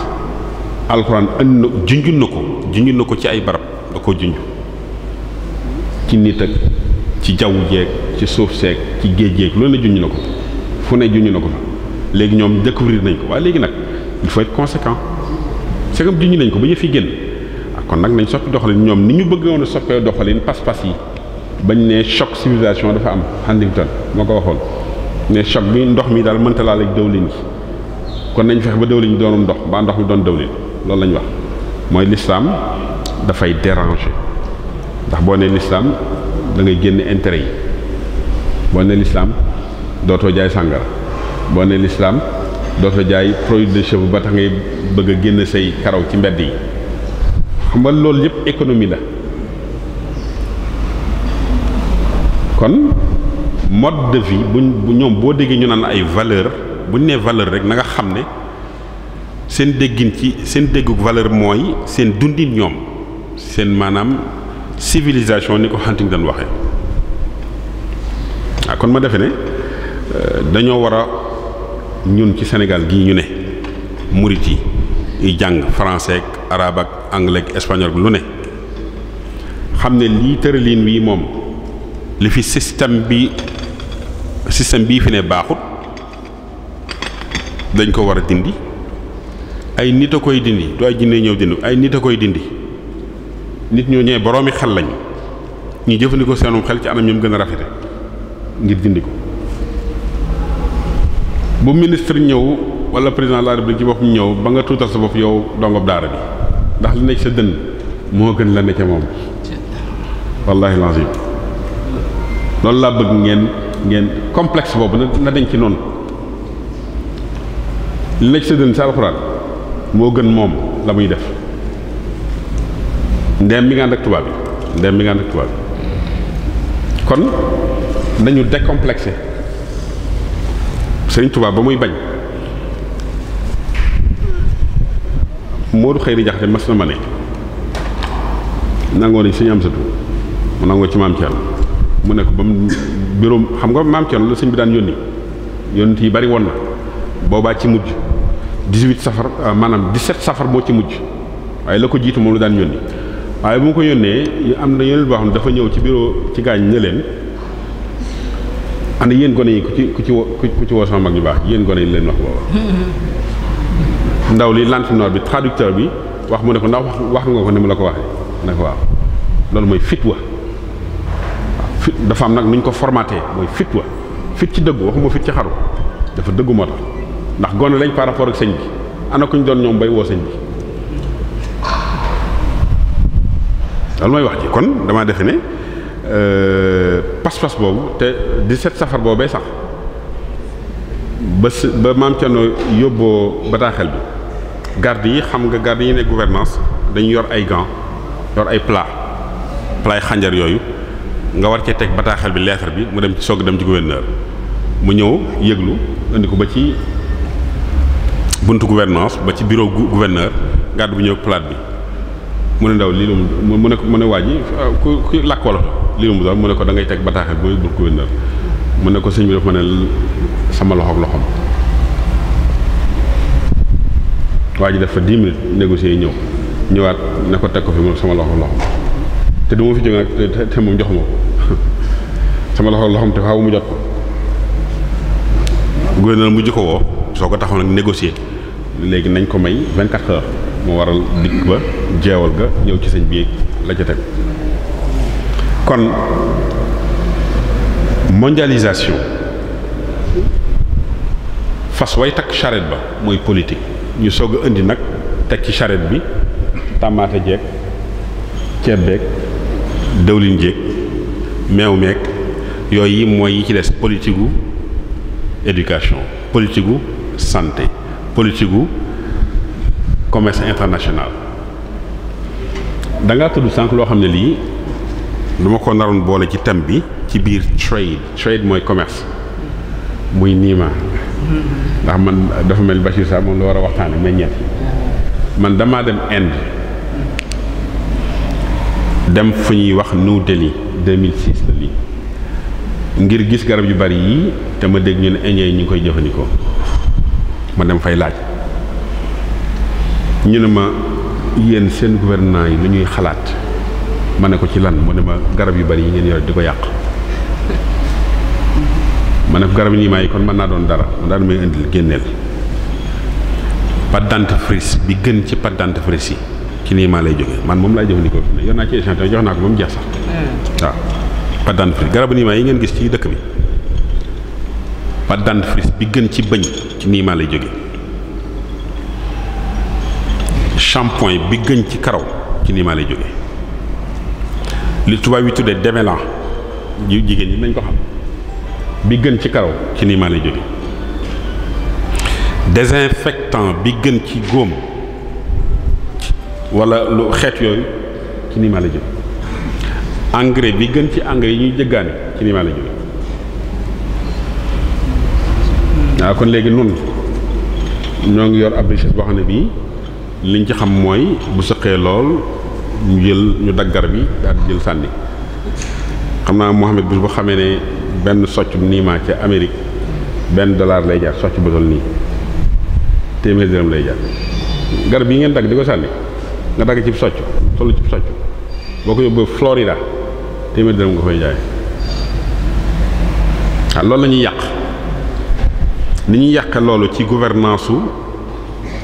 B: alxuraan ënd na junjul na ko junjul na ko ci ay barab da koo junj ci nit ak ci jaww jeeg ci suuf seeg ci géej jeeg loolu ne junj na ko fu ne junj na ko fa léegi ñoom découvrir nañ ko waaye léegi nag il faut être conséquent c'est comme nañ ko ba yëf yi génn kon nag nañ soppi doxalin ñoom ni ñu bëggoon a soppee doxalin pas-pas yi bañ ne choc civilisation dafa am Huntington moo ko waxoon ne choc bi ndox mi daal mënta laa ak dëwlin gi kon nañ fex ba dëwlin doonum ndox mbaa ndox mi doon dëwlin loolu lañ wax mooy l'islam dafay déranger ndax boo ne l'islam da ngay génn intérêt yi boo ne l'islam dootoo jaay sàngara boo ne l'islam dootoo jaay produit de cheveux ba tax ngay bëgg a génn say karaw ci mbedd yi xam nga loolu yëpp économie la kon mode de vie buñ bu ñoom boo déggee ñu naan ay valeur buñ nee valeur rek na nga xam ne seen déggin ci seen déggug valeur mooy seen dundin ñoom seen maanaam civilisation ni ko Huntington waxe ah kon ma defe ne euh, dañoo war a ñun ci senegal gi ñu ne murit yi i jàng français ak arabe ak anglais ak espagnol lu ne xam ne lii tëralin wii moom li fi système bi système bii fi ne baaxut dañ ko war a dindi ay nit a koy dindi du ay jinne ñëw dindi ay nit a koy dindi nit ñoo ñëwee boroomi xel lañ ñu jëfandikoo seenum xel ci anam ñoom gën a rafete ngir dindi ko bu ministre ñëw wala président de la ci boppam ñëw ba nga tuutal sa bopp yow dongob daara bi ndax li nekk sa dënn moo gën la ne ca moom wallaahi lazim loolu laa bëgg ngeen ngeen complexe boobu na na dañ ci noonu li na ci sëddën sa alxuraan moo gën moom la muy def ndeem bi nga ànd tubaab bi ndeem bi nga ànd tubaab bi kon nañu décomplexé sëriñ tubaab ba muy bañ Modou Khayri Jaxate mas na ma ne nangoo nañ suñu am satu mu nangoo ci maam ci yàlla mu ne ko ba mu bureau xam nga maam Thierno la sëñ bi daan yónni yónni yi bari woon na boobaa ci mujj 18 safar euh, maanaam 17 safar moo ci mujj waaye la ko jiitu moom la daan yónni waaye bu ma ko yónnee am na yeneen boo xam ne dafa ñëw ci bureau ci gaañ ne leen ana yéen gone yi ku ci ku ci ku ci woo sama mag ñu baax yéen gone yi leen wax booba ndaw li lantinoor bi traducteur bi wax mu ne ko ndax wax nga ko ne la ko waxee ne loolu mooy fit wa fit dafa am nag nu ñu ko formaté mooy fit wa fit ci dëggu waxuma fit ci xaru dafa dëggu moo tax ndax gone lañ par rapport ak sëñ bi ana ku ñu doon ñoom bay woo sëñ bi loolu mooy wax ji kon damaa defe ne euh, pas-pas boobu te 17 safar boobee sax ba ba maam Thierno yóbboo bataaxel bi garde yi xam nga garde yi ne gouvernance dañu yor ay gants yor ay plat plat xànjar yooyu nga war cee teg bataaxel bi lettre bi mu dem ci soog dem ci gouverneur mu ñëw yëglu indi ko ba ci buntu gouvernance ba ci bureau gouverneur gàddu bu ñëw plate bi mu ne ndaw lii mu mu ne ne waa ah, ku ku làkk wolof la mu ne ko da ngay teg bataaxel bu mooy buntu gouverneur mu ne ko sëñ bi daf ma ne sama loxo ak loxoom waa ji def fa dix minutes négocier ñëw ñëwaat ne ko teg ko fi mu sama loxo ak loxoom te du ma fi jóge nag te moom joxuma ko sama loxo loxom te faaw mu jot ko gouverneur mujj ko woo soo ko taxaw nag négocier léegi nañ ko may 24 heures moo waral dikk ba jeewal ga ñëw ci sëñ bi la ca teg kon mondialisation fas way takk charrette ba mooy politique ñu soog a indi nag teg ci charrette bi tamaate jeeg ceeb beeg dëwlin jéeg meew meeg yooyu mooy yi ci des politique gu éducation politique gu santé politique gu commerce international da tudd sànq loo xam ne lii dama ko naroon boole ci thème bi ci biir trade trade mooy commerce muy niima ndax man dafa mel Bachir Sa moom la war a waxtaane meññeet man damaa dem Inde dem fu ñuy wax New Delhi 2006 la lii ngir gis garab yu bari yi te ma dégg ñu ne ñu koy jëfandikoo ma dem fay laaj ñu ne ma yéen seen gouvernement yi lu ñuy xalaat ma ne ko ci lan mu ne garab yu bari yi ngeen yore di ko yàq ma ne ko garab yi nii kon mën naa doon dara mu daal may indil génneel pâte dentifrice bi gën ci pâte dentifrice yi. ci nii maa lay jógee man moom laay jëfandikoo fi ne yor naa ci échantillon jox naa ko ba mu jeex sax waaw pâte dentifrice garabu niimaa yi ngeen gis ci dëkk bi pâte dentifrice bi gën ci bëñ ci niimaa lay jóge shampoing bi gën ci karaw ci niimaa li tubaab yi tuddee démêlant jigéen ñi nañ ko gën ci karaw ci niimaa lay jóge désinfectant bi gën ci góom wala lu xeet yooyu ci niimaa la jëm engrais bi gën ci engrais yi ñuy jëggaani ci niimaa la jëm waaw kon léegi nun ñoo ngi yor ab richesse boo xam ne bii liñ ci xam mooy bu sëqee lool ñu jël ñu daggar bi daal di jël sànni xam naa Mohamed bis bu xamee ne benn socc niimaa ca Amérique benn dollar lay jaar socc bu toll nii téeméer dërëm lay jaar garab yi ngeen dagg di ko sànni nga dagg cib socc toll cib socc boo ko yóbboo Florida téeméer dërëm nga koy jaay waaw ah, loolu lañuy yàq ni ñuy yàq loolu ci gouvernance su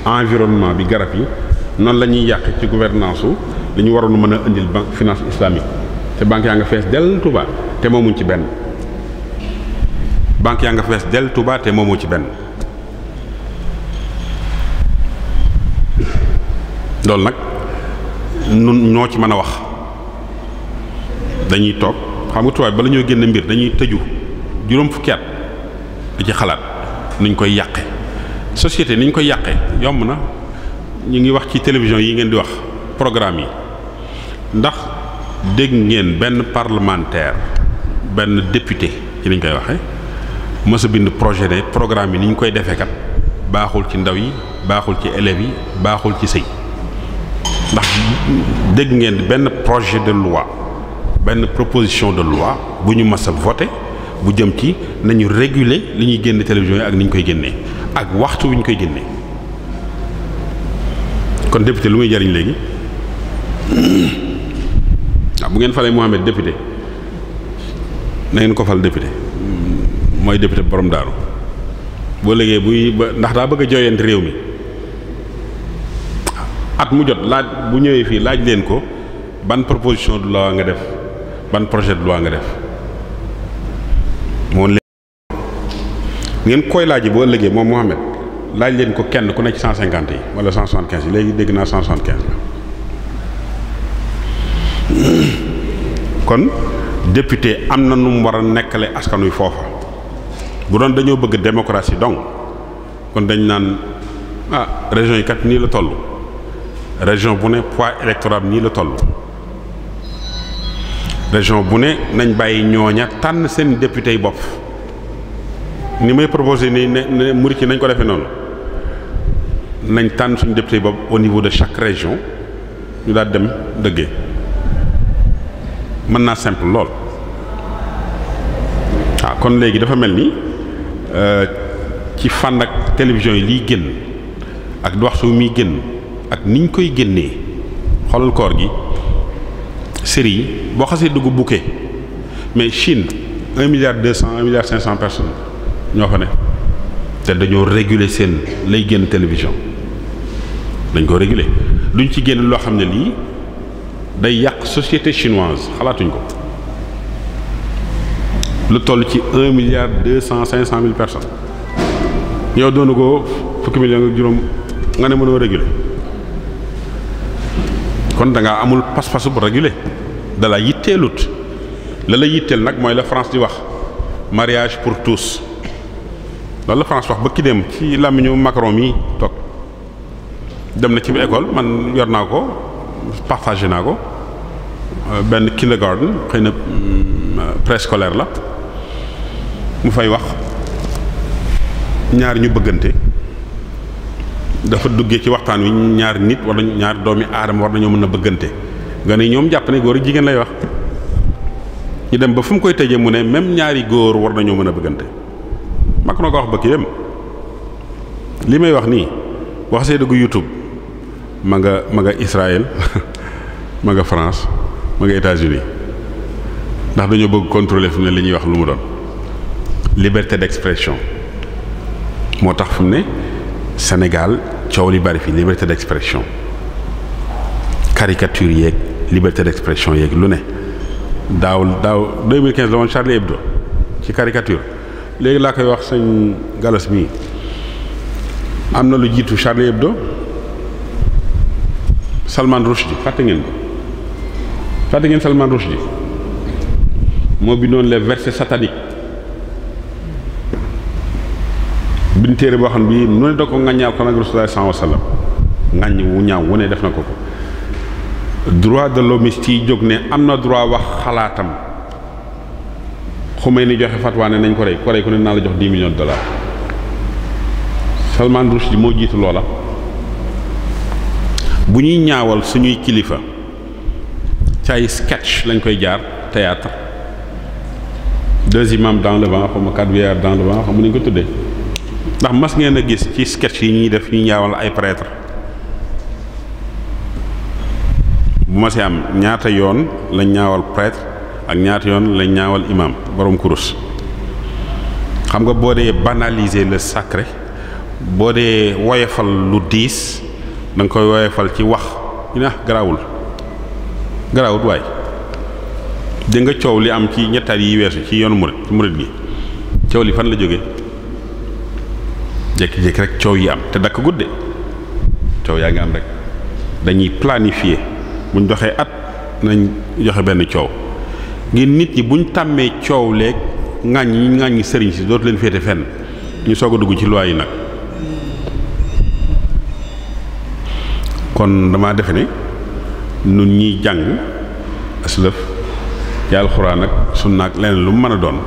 B: environnement bi garab yi noonu la ñuy yàq ci gouvernance su li ñu waroon mën a indil banque finance islamique te banque yaa nga fees del Touba te moomuñ ci benn banque yaa nga fees del tubaa te moomoo ci benn loolu nag nu ñoo ci mën a wax dañuy toog xam nga tubaab bala ñoo génn mbir dañuy tëju juróom fukki at di ci xalaat nuñ koy yàqe société niñ koy yàqee yomb na ñu ngi wax ci télévision yi ngeen di wax programme yi ndax dégg ngeen benn parlementaire benn député ci niñ koy waxe mës bind projet ne programme yi ni ñu koy defee kat baaxul ci ndaw yi baaxul ci élèves yi baaxul ci sëy ndax dégg ngeen benn projet de loi benn proposition de loi bu ñu mas a bu jëm ci nañu réguler li ñuy génn télévision yi ak ni ñu koy génnee ak waxtu wi ñu koy génnee kon député lu muy jariñ léegi waaw ah, bu ngeen falee Mohamed député na ngeen ko fal député mooy député borom daaru boo léegi buy ba ndax daa bëgg a jooyante réew mi at mu jot laaj bu ñëwee fii laaj leen ko ban proposition de loi nga def ban projet de loi nga def moom leen ngeen koy laajee boo ëllëgee moom Mohamed laaj leen ko kenn ku nekk ci cent cinquante yi wala cent soixante quinze yi léegi dégg naa cent soixante quinze la kon député am na nu mu war a nekkale askan wi foofa bu doon dañoo bëgg démocratie donc kon dañ naan ah région yi kat nii la toll région bu ne pois électoral nii la toll région bu ne nañ bàyyi ñooña tànn seen député bopp ni may proposé nii ne ne murit nañ ko defee noonu nañ tànn suñu député bopp au niveau de chaque région ñu daal dem dëggee mën naa simple lool waaw ah, kon léegi dafa mel ni euh, ci fànn ak télévision yi liy génn ak dox su muy génn ak niñ koy génnee xoolal koor gi série yi boo xasee dugg bouquet mais Chine un milliard deux cent un milliard cent personnes ñoo fa ne te dañoo réguler seen lay génn télévision dañ ko réguler duñ ci génn loo xam ne lii day yàq société chinoise xalaatuñ ko lu toll ci un milliard deux cent cinq cent mille personnes yow doonu ko fukki million ak juróom nga ne mënoo réguler kon da amul pas-pasu bu régulé da la yitteelut la yitteel nag mooy la France di wax mariage pour tous loolu la France wax ba ki dem ci làmmiñu Macron mi toog dem na ci école man yor naa ko partagé naa ko euh, benn kindergarten xëy na mm, euh, préscolaire la mu fay wax ñaar ñu bëggante. dafa duggee ci waxtaan wi ñaar nit war wala ñaar doomi aadama war nañoo mën a bëggante nga ne ñoom jàpp ne góor jigéen lay wax ñu dem ba fu mu koy tëjee mu ne même ñaari góor war nañoo mën a bëggante mag na ko yem li may wax nii wax see dugg YouTube ma nga ma nga Israël ma nga France ma nga États-Unis ndax dañoo bëgg contrôler fi mu ne li ñuy wax lu mu doon liberté d'expression moo tax fi ne Sénégal coow li bari fi liberté d'expression caricature yeeg liberté d'expression yeeg lu ne daaw daaw 2015 la woon Charlie Hebdo ci caricature léegi laa koy wax sëñ Gallas mii am na lu jiitu Charlie Hebdo Salman Rushdie fàtte ngeen ko fàtte ngeen Salman Rushdie moo bindoon les versets sataniques bind téere boo xam bi nu ne da ko ŋaññaal ko nag Rasulullah sallallahu alayhi wasallam ŋaññ wu ñaaw wu ne def na ko ko droit de l'homme ci jóg ne am na droit wax xalaatam Khomeini joxe fatwa ne nañ ko rey ko rey ko ne naa la jox 10 millions de dollars Salman Rushdie moo jiitu loola bu ñuy ñaawal suñuy kilifa ci ay sketch lañ koy jaar théâtre deux imams dans le vent xaw ma quatre vieillards dans le vent xaw ko tuddee ndax mas ngeen a gis ci sketch yi ñuy def ñu ñaawal ay prêtre bu ma am ñaata yoon lañ ñaawal prêtre ak ñaata yoon lañ ñaawal imam borom kurus xam nga boo dee banaliser le sacré boo dee woyefal lu diis da nga koy woyefal ci wax ñu ne ah garaawul waay da nga coow li am ci ñettaat yi weesu ci yoonu murid murid gi coow li fan la jóge jékki-jékki rek coow yi am te dakk gudde coow yaa ngi am rek dañuy planifier buñ doxee at nañ joxe benn coow ngir nit ñi buñ tàmmee coow leeg ŋàññ yi ŋàññ sëriñ si dootu leen féete fenn ñu soog a dugg ci loi yi nag kon dama defe ne nun ñiy jàng aslëf ci alxuraan ak sunna ak leneen lu mën a doon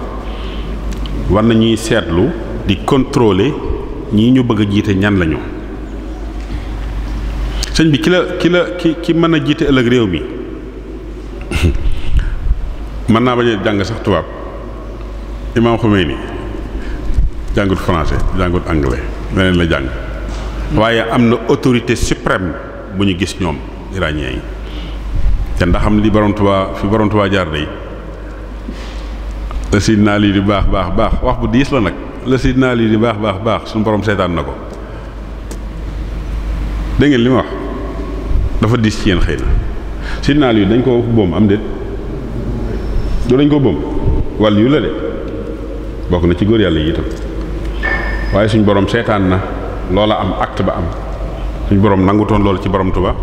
B: war nañuy seetlu di contrôler ñii ñu bëgg a jiite ñan lañu sëñ bi ki la ki la ki ki mën a jiite ëllëg réew mi mën naa bañ a jàng sax tubaab Imam Khomeini jàngut français jàngut anglais leneen la jàng waaye am na autorité suprême bu ñu gis ñoom iranien yi te ndax xam li borom Tuubaa fi borom Tuubaa jaar day la si naa lii di baax baax baax wax bu diis la nag la Seydina Ali di baax baax baax suñu borom seetaan na ko dégg ngeen li ma wax dafa diis ci yéen xëy na Seydina Ali dañ ko boom am déet doo dañ ko boom wàll yu la de bokk na ci góor yàlla yi itam waaye suñ borom seetaan na loola am act ba am suñu borom toon loolu ci borom Tuba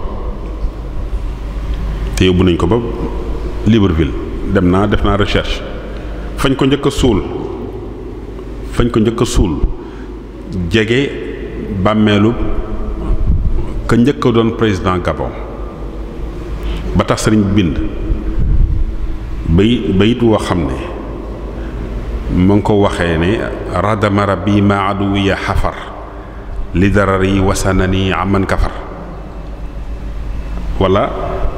B: te yóbbu nañ ko ba libre Libreville dem naa def naa recherche fañ ko njëkk a suul. fañ ko njëkk suul jege bàmmeelu ka njëkk doon président Gabon ba tax sëriñ bind bay bayit woo xam ne mu ngi ko waxee ne radamara bi ma aduwiya xafar li darar yi wasanani aman kafar wala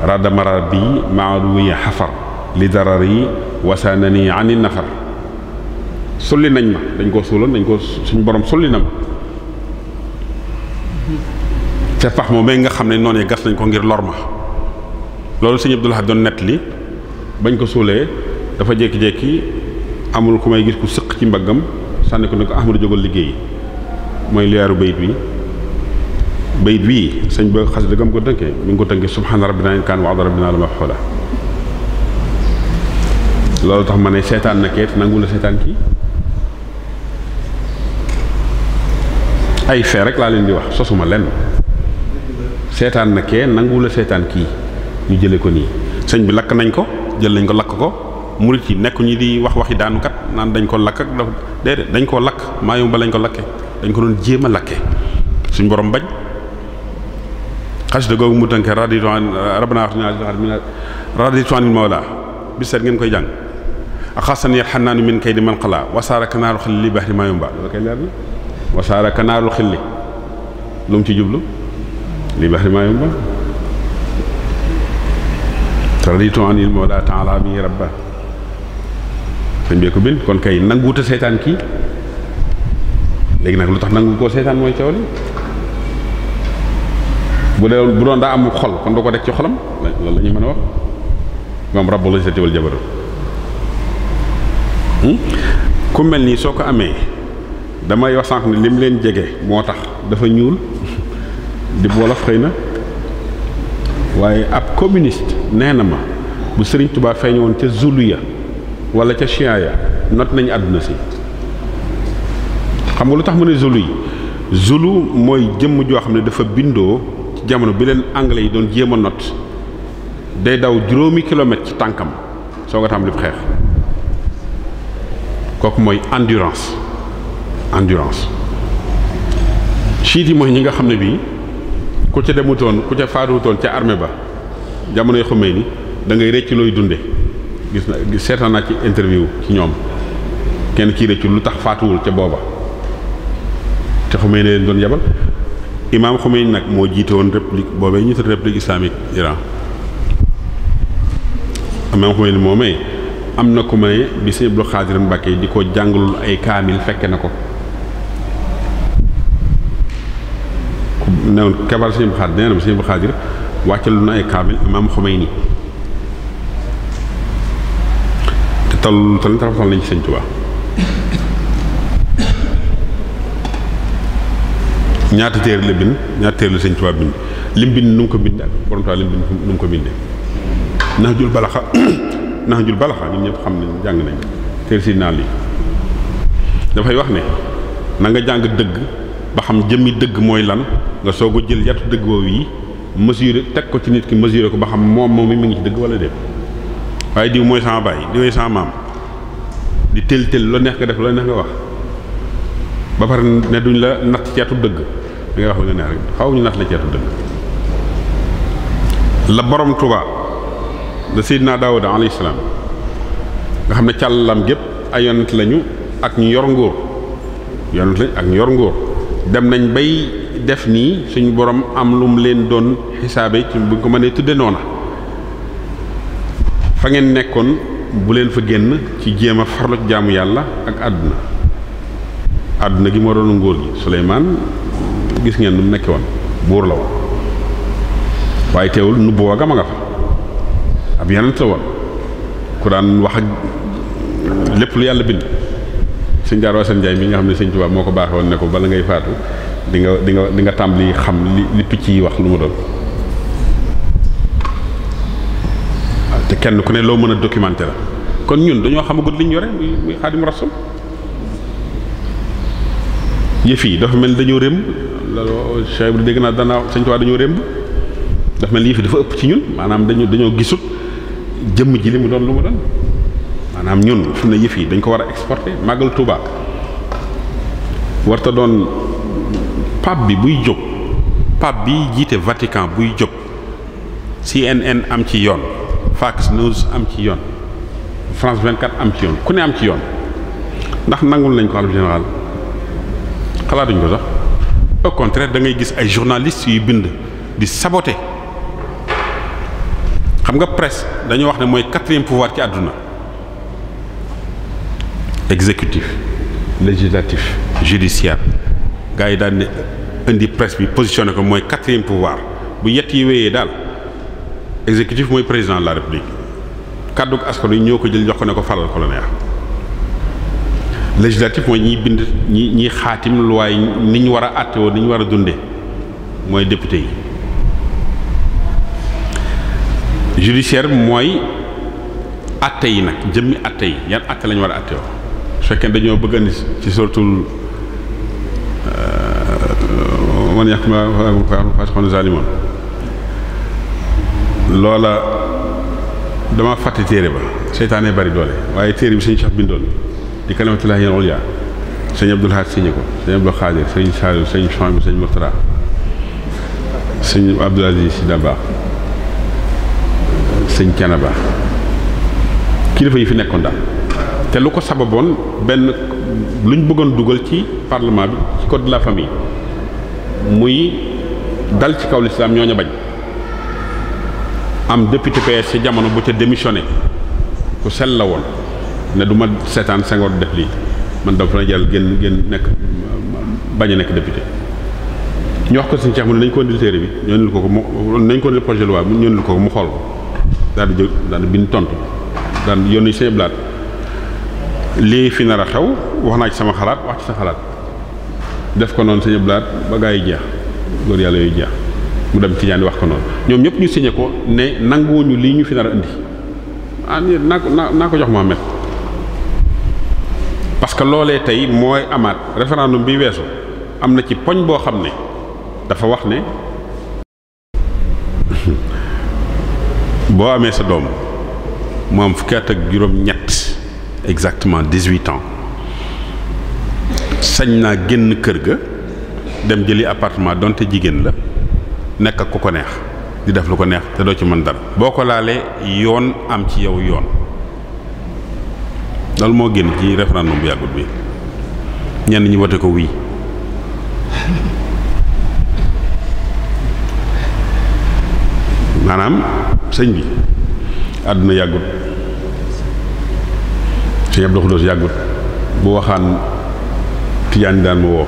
B: radamara bi ma aduwiya xafar li darar yi wasanani ani nafar sulli nañ ma dañ koo suuloon dañ koo suñ borom sulli na ma ca pax moom nga xam ne noonu gas nañ ko ngir lor ma loolu sëñ Abdul Ahad doon nett li bañ ko suulee dafa jékki-jékki amul ku may gis ku sëq ci mbaggam sànni ko ne ko Ahmadu jógal liggéey mooy liyaaru bayit bi bayit bii sëñ ba xas dëggam ko tënkee mi ngi ko tënkee subhaana rabbina in kaan wa'du rabbina la maxoola loolu tax ma ne seetaan na keet nangu la seetaan kii ay fee rek laa leen di wax sosuma lenn seetaan na kee nanguwula seetaan kii ñu jële ko nii sëñ bi lakk nañ ko jël nañ ko lakk ko murit yi nekk ñu di wax wax waxi daanukat naan dañ ko lakk ak dafa dañ koo lakk maa yomb ba lañ ko lakke dañ ko doon jéem a lakke suñ borom bañ xasida googu mu tënkee radito rabbana radito anil mawla bi seet ngeen koy jàng ak xasan yal xannaanu min kay di man xalaa wasaara kanaaru xel li baax di maa yomba loolu kay wasaara kanaarul xilli lu mu ci jublu li baxri maa yomba raditu anil mawla taala bi rabba sañ bee ko bind kon kay nanguwuta seetaan kii léegi nag lu tax nangu koo seetaan mooy coow li bu dee bu doon daa amul xol kon du ko deg ci xolam loolu la ñuy mën a wax moom rabbul izzati wal jabarut hmm? ku mel nii soo ko amee damay wax sànq ne lim leen jege moo tax dafa ñuul di wolof xëy na waaye ab communiste nee na ma bu sëriñ Touba feeñ woon ca Zuluya wala ca Chia ya not nañu àdduna si xam nga lu tax ma ne Zulu yi Zulu mooy jëmm joo xam ne dafa bindoo ci jamono bi leen anglais yi doon jéem a not day daw juróomi kilomètre ci tànkam soo nga tàmbali xeex kooku mooy endurance. endurance chiite yi mooy ñi nga xam ne bii ku ca demutoon ku ca faatutoon ca armée ba jamonoy xamee ni da ngay rëcc looy dunde gis na seetaan naa ci interview ci ñoom kenn kii rëccu lu tax faatuwul ca booba te xamee ne leen doon yabal imaam Khomeini nag moo jiite woon république boobee ñu tudd république islamique Iran imaam Khomeini moomee am na ku ma ne bi sëñ Abdou Xaadir Mbàkke di ko jàngalul ay kaamil fekke na ko ne woon kabal sëñ Abdou na lu na ay kaamil imaam Khomeini te tal tal tarafal nañ ci sëñ Tuubaa ñaata téere la bind ñaata téere la sëñ Tuubaa bind lim bind nu mu ko bind ak lim bind nu mu ko bindee nax jul balaxa nax jul balaxa ñun ñëpp xam nañ jàng nañ téere si naal yi dafay wax ne na nga jàng dëgg ba xam jëmmi dëgg mooy lan nga soog jël yatu dëgg woowu yi mesuré teg ko ci nit ki mesuré ko ba xam moom moom mi mu ngi ci dëgg wala déet waaye diw mooy sama baay diw mooy sama maam di tel tel loo neex nga def loo nga wax ba pare ne duñ la natt ci yatu dëgg da ngay wax lu neex rek xaw ñu natt la ci yatu dëgg la borom Tuubaa da Seydina Daawuda alayhi salaam nga xam ne càllalam gépp ay yonent lañu ak ñu yor ngóor yonent lañ ak ñu yor ngóor dem nañ bay def nii suñu boroom am lu mu leen doon xisaabe ci bu ko mënee tudde noona fa ngeen nekkoon bu leen fa génn ci jéem a farlu jaamu yàlla ak àdduna àdduna gi ma doon ngóor gi Suleymaan gis ngeen nu mu nekke woon buur la woon waaye teewul nubbu wa gama nga fa ab yeneen la woon ku wax ak lépp lu yàlla bind sëñ Daaru Asan Njaay mi nga xam ne sëñ Tuubaa moo ko baaxee woon ne ko bala ngay faatu di nga di nga di nga tàmbali xam li li picc yi wax lu mu doon ah, te kenn ku ne loo mën a documenté la kon ñun dañoo xamagut liñ yore muy muy Xaadimu Rasuul yëf yi dafa mel dañoo rémb loolu Cheikh Ibrahima dégg naa danaa sëñ Tuubaa dañoo rémb dafa mel yëf yi dafa ëpp ci ñun maanaam dañu dañoo gisut jëmm ji li mu doon lu mu doon maanaam ñun fi mu ne yëf yi dañ ko war a exporter màggal Touba warta doon pape bi buy jóg pape bi jiite Vatican buy jóg CNN am ci yoon Fox News am ci yoon France 24 am ci ku ne am ci yoon ndax nangul nañ ko xalif général xalaatuñ ko sax au contraire da ngay gis ay journalistes yuy bind di saboter xam nga presse dañoo wax ne mooy quatrième pouvoir ci àdduna exécutif législatif judiciaire gars yi daan ne indi presse bi positionné ko mooy quatrième pouvoir bu yett yi wéyee daal exécutif mooy président la république kàddu askan yi ñoo ko jël jox ko ne ko faral ko législatif mooy ñiy bind ñi ñiy xaatim luwaay ni ñu war a àttewoo ni ñu war a dunde mooy député yi judiciaire mooy àtte yi nag jëmmi àtte yi yan àtte la ñu war a àttewoo fekkee dañoo bëgg a ci suratul euh, man yàq ma façon zalimoon loola dama fàtte téere ba seytaane bari doole waaye téere bi sëñ sax bindoon di kalimatullahi yéen ulya sëñ Abdul Haat signé ko sëñ Abdul Xaadir sëñ Saalu sëñ Chouaib sëñ Mourtada sëñ Abdul Aziz Si Dabaax Canaba kilifa yi fi nekkoon daal te lu ko sababoon benn lu ñu bëggoon dugal ci parlement bi ci code la famille muy dal ci kaw lislaam ñooñu bañ am député PS ci jamono bu ca démissionné ku sell la woon ne du ma seetaan Senghor def lii man dafa na jël génn génn nekk bañ nekk député ñu wax mu ne nañu ko indil téere bi ñoo ko ko mu nañ ko indil projet de loi bi ñoo ko ko mu xool ko daal di jóg daal di bind tontu daal di yónni seen blaat lii fi nar a xew wax naa ci sama xalaat wax ci sa xalaat def ko noonu sañu blaat ba gaa yi jeex góor yàlla yooyu jeex mu dem Tijaan wax ko noonu ñoom ñëpp ñu signé ko ne nanguwuñu lii ñu fi nar a indi ah naa ko naa ko jox Mohamed parce que loolee tey mooy amaat référendum bi weesu am na ci poñ boo xam ne dafa wax ne boo amee sa doom mu am fukki ak juróom-ñett. exactement dix-huit ans sañ naa génn kër ga dem jëli appartement donte jigéen la nekk ak ku ko neex di def lu ko neex te doo ci mën dara boo ko laalee yoon am ci yow yoon loolu moo génn ci référendum bu yàggut bi ñenn ñi wote ko wii maanaam sëñ bi àdduna yàggut te yeb doxu yàggut bu waxaan tijaan daan ma woo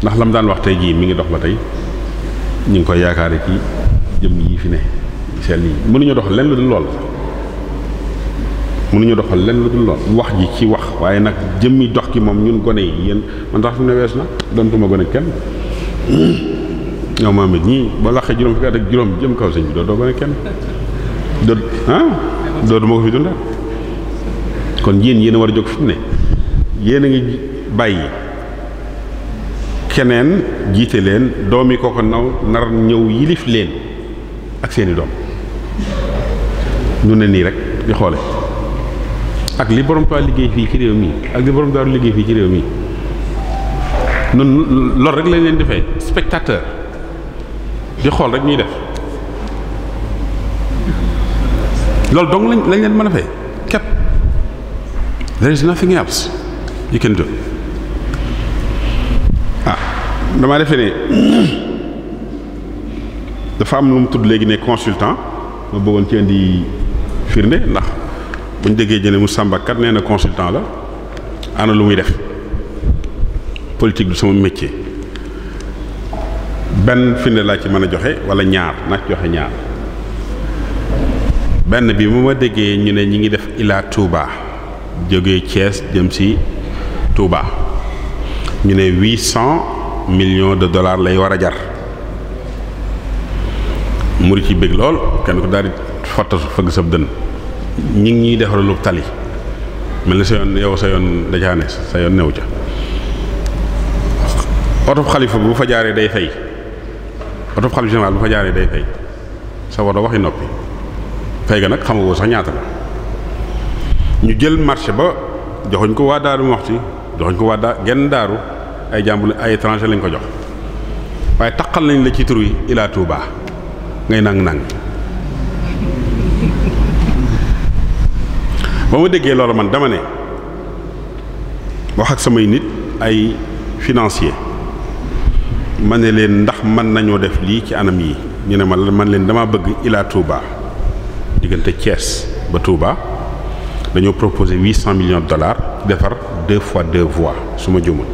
B: ndax lam daan wax tey jii mi ngi dox ba tey ñu ngi koy yaakaar yaakaare ci jëm yii fi ne seen yi mënuñu dox lenn lu dul lool mënuñu doxal lenn lu dul lool wax ji ci wax waaye nag jëmmi dox gi moom ñun gone yi yéen man tax fi mu ne wees na dontuma gone kenn ñoo maam it ñii ba laqee juróom fukki at ak juróom jëm kaw sëñ bi doo doo gone kenn doo ah? duma ko fi dundal kon yéen yéen war a jóg fu ne yéen a ngi bàyyi keneen jiite leen doom yi kooko naw nar ñëw yilif leen ak seeni doom ñu ne nii rek di xoole ak li borom taa liggéey fii ci réew mi ak li liggéey fii ci réew mi nun rek lañ leen di fay spectateur di xool rek ñuy def loolu dong lañ lañ leen mën a fay képp there is nothing else you can ah, ne dafa am lu mu tudd léegi ne consultant ma bëggoon ci indi firnde ndax bu ñu déggee jëne mu sàmbakat nee na consultant la ana lu muy def politique du sama métier benn firnde laa ci mën a joxe wala ñaar nag joxe ñaar benn bi mu ma déggee ñu ne ñi ngi def Ila Touba. jóge cees jëm si Touba ñu ne huit cent de dollars lay war a jar mu ci bég lool kenn ko daal fottasu fëgg sab dën ñi ngi ñuy defaralub tali mel ni sa yoon yow sa yoon dacaa ne sa yoon new ca otob xalifa bu fa jaaree day fay otob xalifa général bu fa jaaree day fay sa woto waxi noppi fay ga nag xamagoo sax ñaata la ñu jël marché ba joxuñ ko waa daaru Muxti joxuñ ko waa daa genn daaru ay jàmbur ay étranger lañ ko jox waaye taqal nañ la ci tur illaa Ila Touba ngay nang-nang ba ma déggee loolu man dama ne wax ak samay nit ay financier ma ne leen ndax mën nañoo def lii ci anam yi ñu ne ma man leen dama bëgg illaa Touba diggante Thiès ba Touba dañoo proposé huit cent millions de dollars defar deux fois deux voies su ma jumul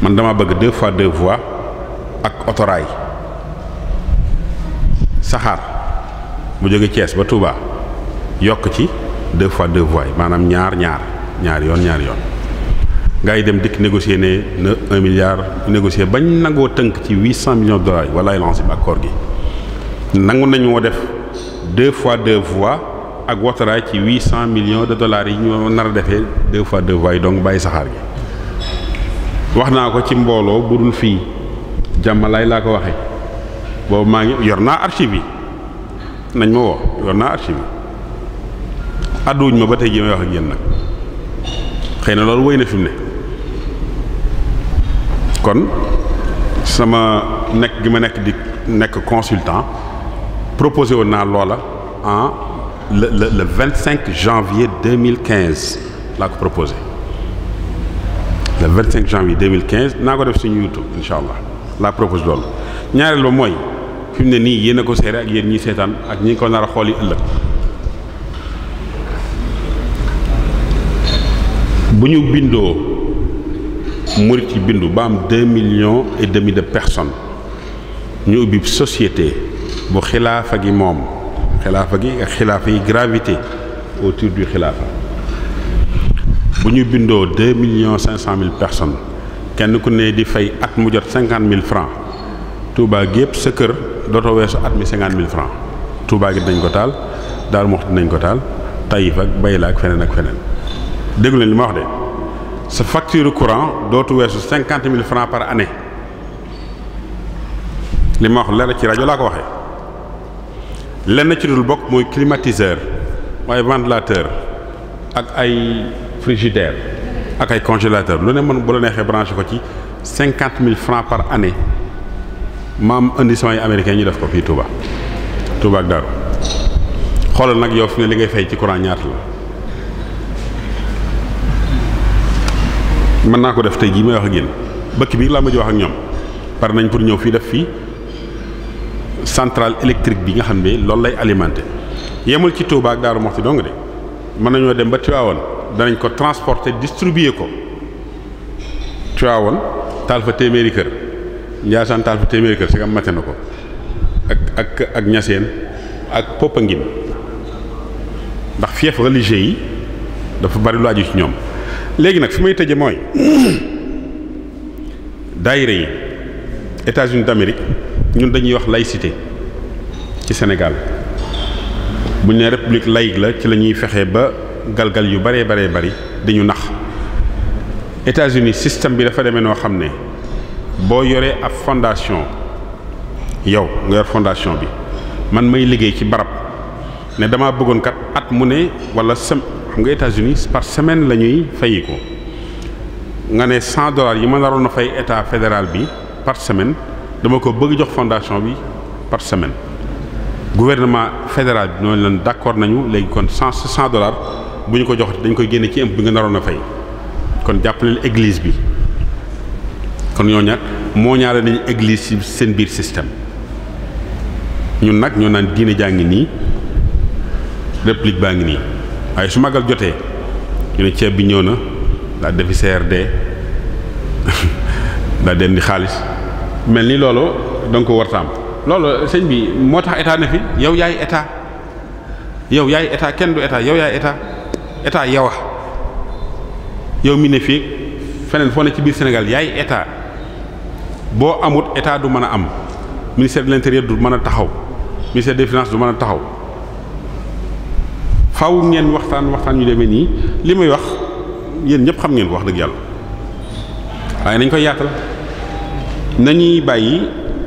B: man dama bëgg deux fois deux voies ak autorail saxaar bu jóge Thiès ba Touba yokk ci deux fois deux voies maanaam ñaar ñaar ñaar yoon ñaar yoon ngay yi dem dikk négocier ne na un milliard négocier bañ nangoo tënk ci huit cent millions de yi walaay lancé ma ak koor gi nangu nañu def deux fois deux voies ak Ouattara ci huit cent millions de dollars yi ñu nar a defee deux fois deux voies dong bàyyi saxaar gi wax naa ko ci mbooloo bu dul fii jàmmalaay laa ko waxee boobu maa ngi yor naa archive yi nañ ma woo yor naa archive yi àdduwuñ ma ba tey jii may wax ak yéen nag xëy na loolu wéy na fi mu ne kon sama nekk gi ma nekk di nekk consultant proposé woon naa loola en le le vingt cinq janvier deux mille quinze laa ko proposé le vingt cinq janvier mille quinze naa ko def suñu YouTube incha allah laa proposé loolu ñaareel ba mooy fi mu ne nii yéen a ko seere ak yéen ñi seetaan ak ñi ko nar a xool yi ëllëg bu ñu bindoo murit yi bindu ba am deux millions et demi de personnes ñu ubbi société bu xilaafa gi moom. xilaafa gi ak xilaafa yi gravité autour du xilaafa bu ñu bindoo deux millions cinq cent mille personnes kenn ku ne di fay at mu jot cinquante mille francs Touba gi yëpp sa kër dootoo weesu at mi cinquante mille francs Touba gi dañ ko taal Daaru Muxti dinañ ko taal Taïf ak Bayla ak feneen ak feneen déggu li ma wax de sa facture courant dootu weesu cinquante mille francs par année li ma wax leer ci rajo laa ko waxee. lenn ci dul bokk mooy climatiseur mooy ventilateur ak ay frigidaire ak ay congélateur lu ne mën bu la neexee branché ko ci cinquante mille francs par année maam indi samay américain ñu def ko fii Touba Touba ak Daaru xoolal nag yow fi ne li ngay fay ci courant ñaata la mën naa ko def tey jii may wax ak yéen bëkk bi laa mujj wax ak ñoom pare nañ pour ñëw fii def fii centrale électrique bi nga xam ne loolu lay alimenté yemal ci Touba ak Darou Moukhty dong de mën nañoo dem ba Tivaouane danañ ko transporter distribuer ko Tivaouane taal fa téeméeri kër Ndiassane taal fa téeméeri kër si nga mate na ko ak ak ak Niassène ak ndax fief religieux yi dafa bari lu aju ci ñoom léegi nag fi may tëje mooy daayira yi États-Unis d'Amérique ñun dañuy wax laïcité ci Sénégal buñ ne république laïque la ci la ñuy fexe ba galgal yu baree baree bari di ñu nax États-Unis système bi dafa demee noo xam ne boo yoree ab fondation yow nga yor fondation bi man may liggéey ci barab ne dama bëggoon kat at mu ne wala sem xam nga états par semaine la ñuy fayi ko nga ne cent dollars yi ma naroon na fay état fédéral bi par semaine. dama ko bëgg jox fondation bi par semaine gouvernement fédéral bi noonu leen d'accord nañu léegi kon cent cent dollars bu ñu ko jox dañ koy génne ci impôt bi nga naroon a fay kon jàppaleel église bi kon ñoo ñaar moo ñaare nañu église ci seen biir système ñun nag ñoo naan diine jaa ngi nii réplique baa ngi nii waaye su magal jotee ñu ceeb bi ñëw na daa defi de daa dendi xaalis mel ni loolu da nga ko war loolu sëñ bi moo tax état ne fi yow yaay état yow yaay état kenn du état yow yaay état état yow a yow mi ne fii feneen foo ne ci biir Sénégal yaay état boo amut état du mën a am ministère de l'intérieur du mën a taxaw ministère des finances du mën a taxaw faaw ngeen waxtaan waxtaan yu demee nii li may wax yéen ñëpp xam ngeen wax dëgg yàlla waaye nañ koy yaatal. nañuy bàyyi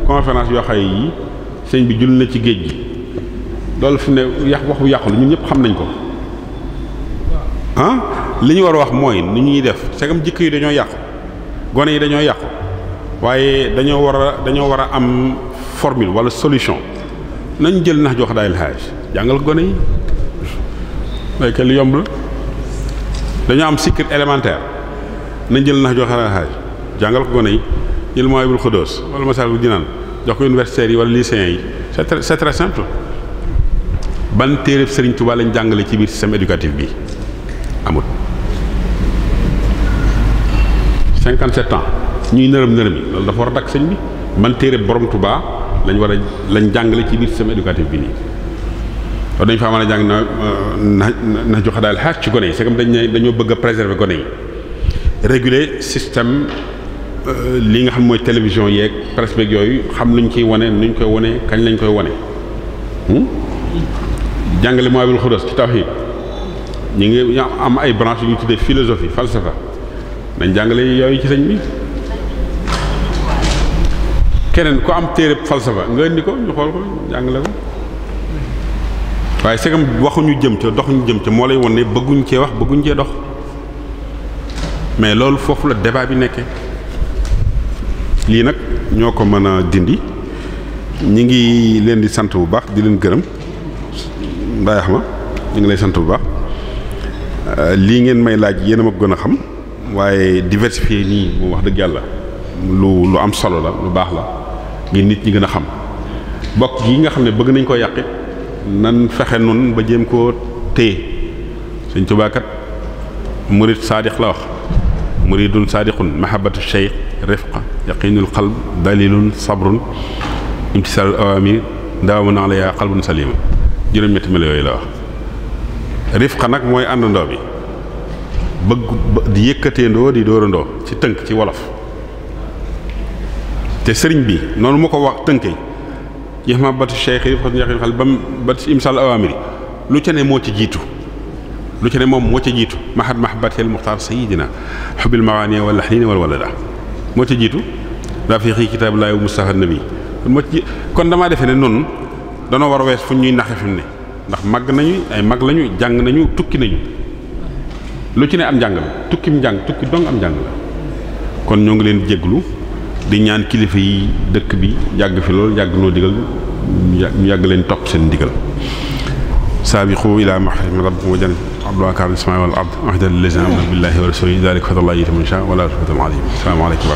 B: conférence yoo xay yi sëñ bi jul na ci géej gi loolu fi ne yàq wax bu yàqu la ñëpp xam nañ ko ah li ñu war a wax mooy ni ñuy def segam jikko yi dañoo yàqu gone yi dañoo yàqu waaye dañoo war a dañoo war a am formule wala solution nañ jël nax jox daayil xaaj jàngal gone yi waaye dañoo am cycle élémentaire nañ jël nax jox jàngal ko gone yi jël Mawaahibul Xuddoos wala Masaalikul Jinaan jox ko universitaires yi wala lycéens yi c'est très ban téereb Sëriñ Tuubaa lañ jàngale ci biir système éducatif bi amut 57 ans ñuy nërëm nërëm yi loolu dafa war a dakk sëñ bi ban téereb borom Tuubaa lañ war a lañ jàngale ci biir système éducatif bi nii loolu dañu fa mën a jàng na na na joxe daal xaar ci gone yi c'est dañ dañoo bëgg a préserver gone yi réguler système Euh, li nga xam mooy télévision yeeg presse yooyu xam luñ ciy wane nuñ koy wone kañ lañu koy wane hmm? jàngale mooy bil xudas ci tawhid ñu ngi am ay branche yu ñu tuddee philosophie falsafa nañ jàngale yooyu ci sëñ bi keneen ku am téere falsafa nga indi ko ñu xool ko jàngale ko waaye segam waxuñu jëm ca doxuñu jëm ca moo lay won ne bëgguñu cee wax bëgguñ cee dox mais loolu foofu la débat bi nekkee lii nag ñoo ko mën a dindi ñu ngi leen di sant bu baax di leen gërëm Mbaye ma ñu ngi lay sant bu baax euh, lii ngeen may laaj yéen a ma gën a xam waaye diversifier nii moom wax dëgg yàlla lu lu am solo la lu baax la ngir nit ñi gën a xam bokk yi nga xam ne bëgg nañ ko yàqit nan fexe nun ba jéem koo téye Sëñ Tuubaa kat murit saadix la wax muridun saadiqun mahabatu cheikh rifqa yaqinul qalb dalilun sabrun imtisaalul awaamir daawamun alaya qalbun salima juróom-ñetti melo yooyu la wax rifqa nag mooy àndandoo bi bëgg di yëkkateendoo di dóorandoo ci tënk ci wolof te sëriñ bi noonu mu ko wax tënk yéex ma batu cheikh rifqa yaqinul qalb ba ba imtisaal lu ca ne moo ci jiitu lu ci ne moom moo ci jiitu mahad mahabatel muxtaar dina xubil mawaani wala xaniini wala walada moo ci jiitu rafiqi kitaabulaahi wa mustafa nabi kon moo ci kon damaa defee ne noonu danoo war a wees fu ñuy naxe fi ne ndax màgg nañu ay mag lañu jàng nañu tukki nañu lu ci ne am jàng la tukkim njàng tukki dong am njàng la kon ñoo ngi leen jéglu di ñaan kilifa yi dëkk bi yàgg fi loolu yàgg noo digal ñu yàgg leen topp seen digal saabiqu ilaa laa rabbikum wa jannatin abdoulacar ismail wal ard ahdal lazina amanu billahi wa rasuli dalika fadlullah yuti man yasha wa la fadlun alim asalaamaaleykum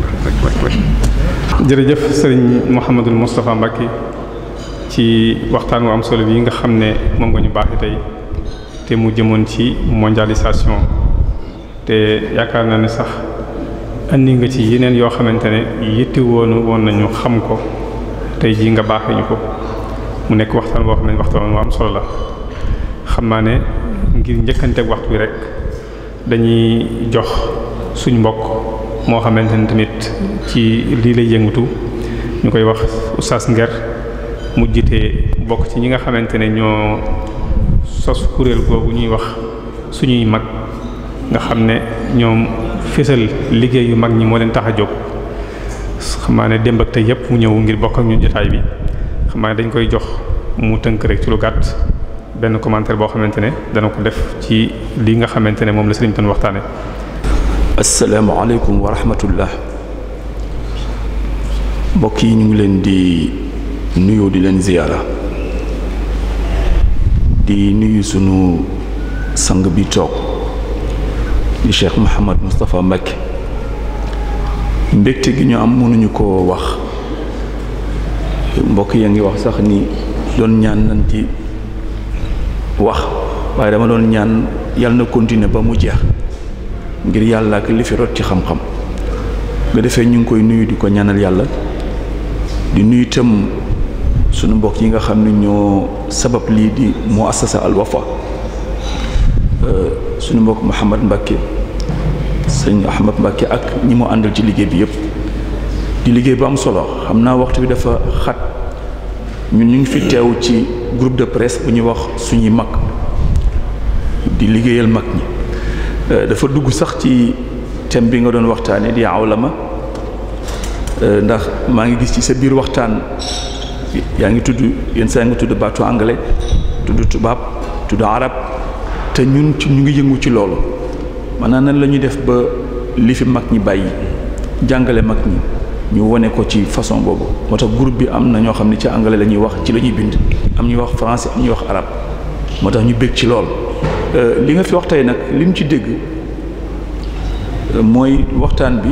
B: wa
A: rahmatullah jërëjëf sëriñ Mouhamadul Moustapha Mbacke ci waxtaan wu am solo bi nga xam ne moom nga ñu baaxee tey te mu jëmoon ci mondialisation te yaakaar naa ne sax andi nga ci yeneen yoo xamante ne yitti woonu woon nañu xam ko tey jii nga baaxee ñu ko mu nekk waxtaan boo xam ne waxtaan am solo la xam naa ne ngir njëkkanteeg waxtu bi rek dañuy jox suñ mbokk moo xamante ne tamit ci lii lay yëngatu ñu koy wax Oustaz Nguer mu jiite bokk ci ñi nga xamante ne ñoo sos kuréel googu ñuy wax suñuy mag nga xam ne ñoom fésal liggéey yu mag ñi moo leen tax a jóg xam naa ne démb ak tey yëpp mu ñëw ngir bokk ak ñu jotaay bi. xam naa dañ koy jox mu tënk rek ci lu gàtt benn commentaire boo xamante ne dana ko def ci lii nga xamante ne moom la sëriñ doon waxtaane asalaamaaleykum wa rahmatullah
C: mbokk yi ñu ngi leen di nuyu di leen ziyaara di nuyu sunu sang bi toog di Cheikh Mouhamad Moustapha Mbacké mbégte gi ñu am mënuñu ko wax mbokk ya ngi wax sax ni doon ñaan nañ ci wax waaye dama doon ñaan yàlla na continuer ba mu jeex ngir yàlla ak li rot ci xam-xam nga defee ñu ngi koy nuyu di ko ñaanal yàlla di nuyu itam suñu mbokk yi nga xam ne ñoo sabab lii di mu assasa al wafa sunu mbokk Mouhamad Mbacke sëñ Ahmad Mbacke ak ñi mu àndal ci liggéey bi yëpp. di liggéey bu am solo xam naa waxtu bi dafa xat ñun ñu ngi fi teew ci groupe de presse bu ñuy wax suñuy mag di liggéeyal mag ñi euh, dafa dugg sax ci thème bi nga doon waxtaanee di awlama euh, ndax maa ngi gis ci sa biir waxtaan yaa ngi tudd yenn saa nga tudd baatu anglais tudd tubaab tudd arab te ñun ci ñu ngi yëngu ci loolu maanaam nan la ñuy def ba li fi mag ñi bàyyi jàngale mag ñi. ñu wone ko ci façon boobu moo tax groupe bi am na ñoo xam ne ci anglais la ñuy wax ci la ñuy bind am ñuy wax français am ñuy wax arabe moo tax ñu bég ci lool euh, li nga fi wax tey nag li mu ci dégg mooy waxtaan bi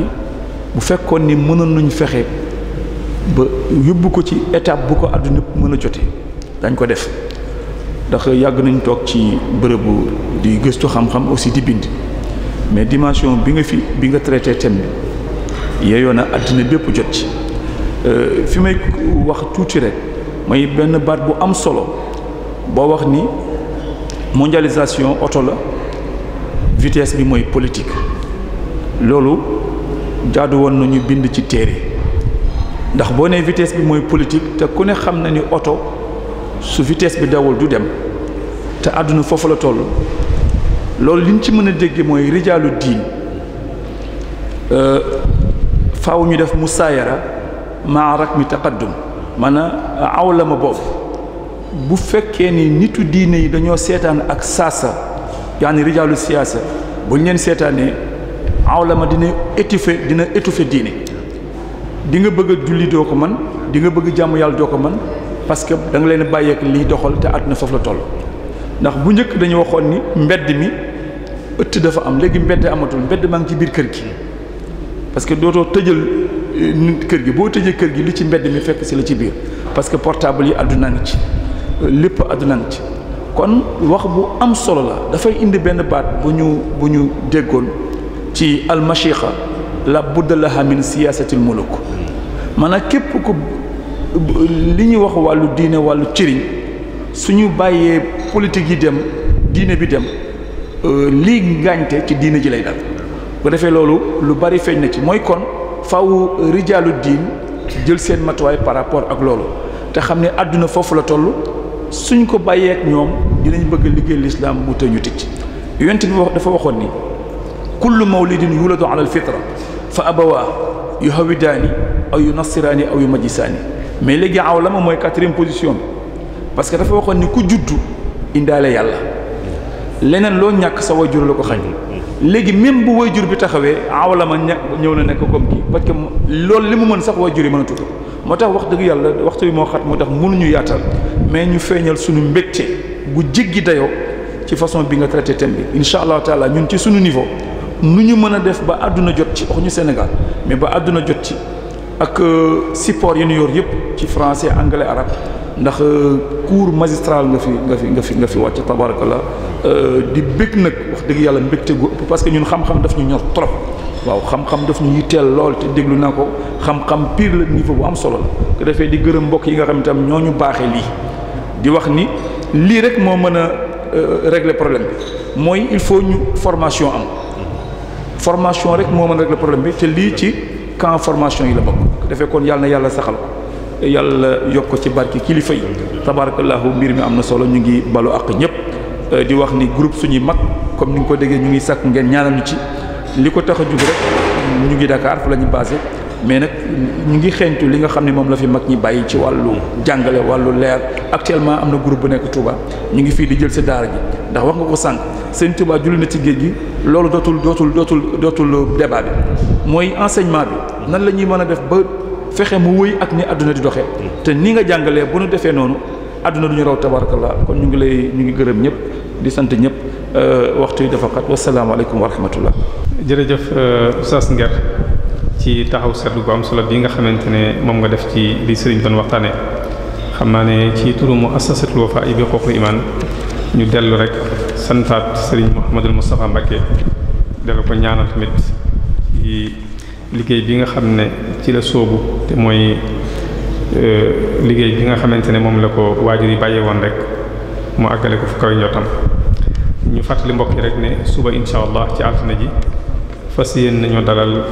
C: bu fekkoon ni mënoon nañu fexe ba yóbbu ko ci étape bu ko àdduna mën a jotee dañ ko def ndax yàgg nañ toog ci bërëbu di gëstu xam-xam aussi di bind mais dimension bi nga fi bi nga traité thème yeeyoo na àddina bépp jot ci euh, fi may wax tuuti rek mooy benn baat bu am solo boo wax ni mondialisation oto la vitesse bi mooy politique loolu jaadu woon nañu bind ci téere ndax boo ne vites bi mooy politique te ku ne xam na ni oto su vites bi dawul du dem te àdduna foofu la toll loolu liñ ci mën a dégg mooy rijaalu diin euh, faaw ñu def musaayara maa mi taqaddum maanaam awlama boobu bu fekkee ni nitu diine yi dañoo seetaan ak saasa yaani rijaalu siyaasa bu ñu leen seetaanee awlama dina étouffé dina étouffé diine dinga bëgg a julli doo ko man di nga bëgg jàmm yàlla doo ko man parce que da nga leen bàyyeek liy doxal te àdduna foofu la toll ndax bu njëkk dañu waxoon ni mbedd mi ëtt dafa am léegi mbedd amatul mbedd maa ngi ci biir kër gi parce que dootoo tëjal euh, kër gi boo tëjee kër gi li ci mbedd mi fekk si la ci biir parce que portable yi àdduna ngi ci euh, lépp àdduna ngi ci kon wax bu am solo la dafay indi benn baat bu ñu bu ñu déggoon ci almashiqa la budda laha min siyaasatil muluk maanaam képp ku li ñuy wax wàllu diine wàllu cëriñ suñu bàyyee politique yi dem diine bi dem euh, lii ngaañte ci diine ji lay dal bu defee loolu lu bari feeñ na ci mooy kon faw rijaalu diin jël seen matuwaay par rapport ak loolu te xam ne àdduna foofu la toll suñ ko bàyyee ak ñoom dinañ bëgg liggéey lislaam mu te ñu ci yonent bi wax dafa waxoon ni kullu mawlidin yuladu ala alfitra fa a abawaa yu hawidaani aw yu nasiraani aw yu majisaani mais léegi aw la ma mooy quatrième position bi parce que dafa waxoon ni ku juddu indaale yàlla leneen loo ñàkk sa wajur la ko xañ léegi même bu jur bi taxawee awla ma ñëw na nekk comme kii parce que loolu li mu mën sax wayjur yi mën a tudd moo tax wax dëgg yàlla waxtu bi moo xat moo nu ñu yaatal mais ñu feeñal suñu mbégte bu jéggi dayoo ci façon bi nga traité thème bi incha allah taala ñun ci suñu niveau nu ñu mën a def ba àdduna jot ci wax ñu Sénégal mais ba àdduna jot ci ak euh, support yi ñu yor yëpp ci français anglais arabe ndax euh, cours magistral nga fi nga fi nga fi nga fi wàcc tabarakallah Euh, di bég nag wax dëgg yàlla mbégte gu ëpp parce que ñun xam-xam daf ñu ñor trop waaw xam-xam daf ñu yitteel lool te déglu naa ko xam-xam pire la niveau bu am solo la ko defee di gërëm mbokk yi nga xam itam ñoo ñu baaxee lii di wax ni lii rek moo mën a euh, régler problème bi mooy il faut ñu formation am formation rek moo mën a régler problème bi te lii ci camp formation yi la bokk defee kon yàlla na yàlla saxal ko yàlla yokk ko ci barki kilifa yi tabarakallahu mbir mi am na solo ñu ngi balu ak ñëpp Euh, di wax ni groupe suñuy mag comme ni nga ko déggee ñu ngi sàkku ngeen ñaanal ñu ci li ko tax a jug rek ñu ngi Dakar fu la ñu basé mais nag ñu ngi xeeñtu li nga xam ne moom la fi mag ñi bàyyi ci wàllu jàngale wàllu leer actuellement am na groupe bu nekk Touba ñu ngi fii di jël si daara ji ndax wax nga ko sànq seen Touba julli na ci géej gi loolu dootul dootul dootul dootul débat bi mooy enseignement bi nan la ñuy mën a def ba fexe mu wëy ak ni àdduna di doxee te ni nga jàngalee bu nu defee noonu àdduna du ñu raw tabarakallah kon ñu ngi lay ñu ngi gërëm ñëpp di sant ñëpp euh, waxtu yi dafa xat wasalaamaaleykum wa rahmatullah
A: jërëjëf euh, Oustaz Nguer ci taxaw seetlu bu am solo bi nga xamante ne moom nga def ci li sëriñ doon waxtaanee xam naa ne ci turu mu assasatul wafa yi bi xooxul imaan ñu dellu rek santaat sëriñ Mouhamadul Moustapha Mbacké dellu ko ñaanal tamit ci liggéey bi nga xam ne ci la soobu te mooy Euh, liggéey bi nga xamante ne moom la ko waajur yi bàyyee woon rek mu àggale ko fu kaw ñu fàttali mbokk yi rek ne suba incha allah ci altine ji fas yéen nañoo dalal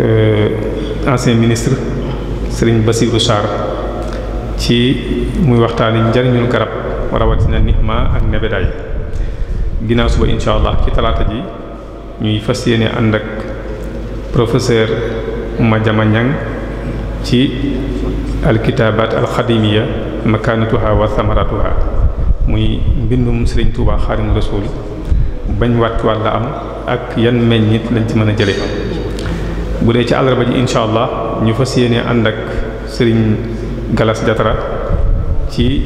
A: euh, ancien ministre Serigne Bassirou Sarr ci muy waxtaani njariñul garab rawatina nihma ak nebedaay ginnaaw suba incha ci talaata ji ñuy fas yéene ànd ak professeur Madiama Niang ci alkitaabaat alxadimiya makaanatuha wa samaratuha muy mbindum Sëriñ Tuubaa Xaadimu Rasuul bañ wàcc wàll am ak yan meññit lañ ci mën a jële bu dee ci àllarba ji incha allah ñu fa yéene ànd ak Sëriñ Galas Jatara ci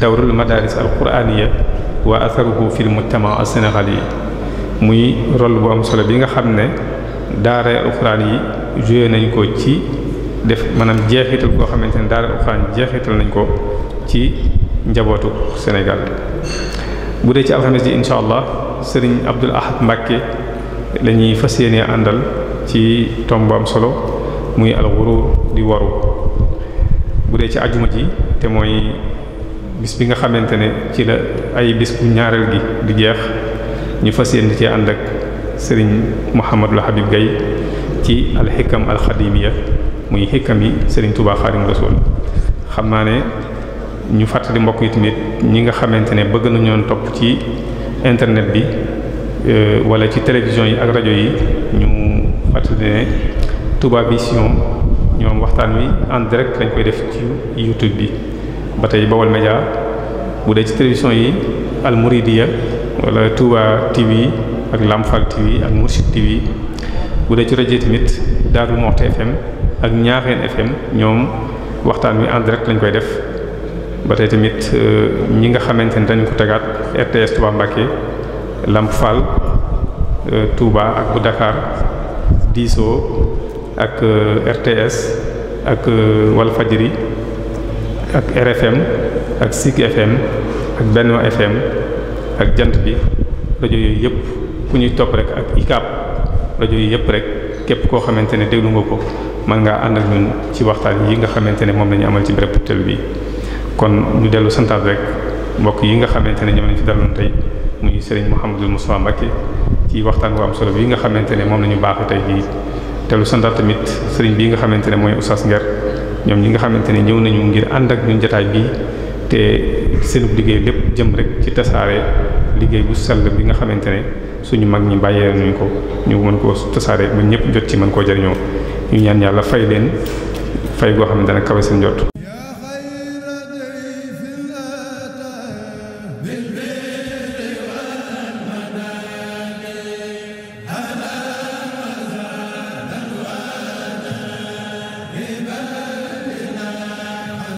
A: dawrul madaris alquraaniya wa atharuhu fil mujtama as-sénégali yi muy rôle bu am solo bi nga xam ne daara alquraan yi joué nañ ko ci def maanaam jeexital koo xamante ne daara Alxuraan jeexital nañ ko ci njabootu Sénégal bu dee ci alxames ji incha allah sëriñ Abdul Ahad Mbàkke la ñuy fas yéene àndal ci tomb am solo muy alxuruur di waru bu dee ci ajuma ji te mooy bis bi nga xamante ne ci la ay bis bu ñaareel gi di jeex ñu fas yéene cee ànd ak sëriñ Muhammadul Habib Gaye ci alxikam alxadimiya muy xikam yi Serigne Touba Xaadimu Rasuul xam naa ne ñu fàttali mbokk yi tamit ñi nga xamante ne bëgg nañoon topp ci internet bi euh, wala ci télévision yi ak rajo yi ñu fàttali ne Touba Vision ñoom waxtaan wi en direct lañ koy def ci YouTube bi ba tey Baol Média bu dee ci télévision yi Al Mouridiya wala Touba ak Lamfal TV ak Mourchid TV bu dee ci rajo tamit Darou Moukhty FM ak ñaaxeen FM ñoom waxtaan wi en direct lañ koy def ba tey tamit euh, ñi nga xamante ni dañ ko tegaat RTS Touba Lamp Fall euh, Touba ak bu Dakar diisoo ak euh, RTS ak Walfajiri ak RFM ak Sik FM ak Benno FM ak Jant bi rajo yooyu yëpp ku ñuy topp rek ak ICAP rajo yi yëpp rek képp koo xamante ne déglu nga ko mën ngaa ànd ak ñun ci waxtaan yi nga xamante ne moom la ñu amal ci béréb tël bi kon ñu dellu santaat rek mbokk yi nga xamante ne ñoom lañ fi daloon tey muy sëriñ Mouhamadou Moustapha Mbacké ci waxtaan bu am solo bi nga xamante ne moom la ñu baaxee tey jii dellu santaat tamit sëriñ bii nga xamante ne mooy Oustaz Nguer ñoom ñi nga xamante ne ñëw nañu ngir ànd ak ñun jotaay bi te seen liggéey lépp jëm rek ci tasaare liggéey bu sell bi nga xamante ne suñu mag ñi bàyyee nañu ko ñu mën koo tasaare ba ñëpp jot ci mën koo jëriñoo ñu ñaan yàlla fay leen fay goo xam ne dana kawe seen njot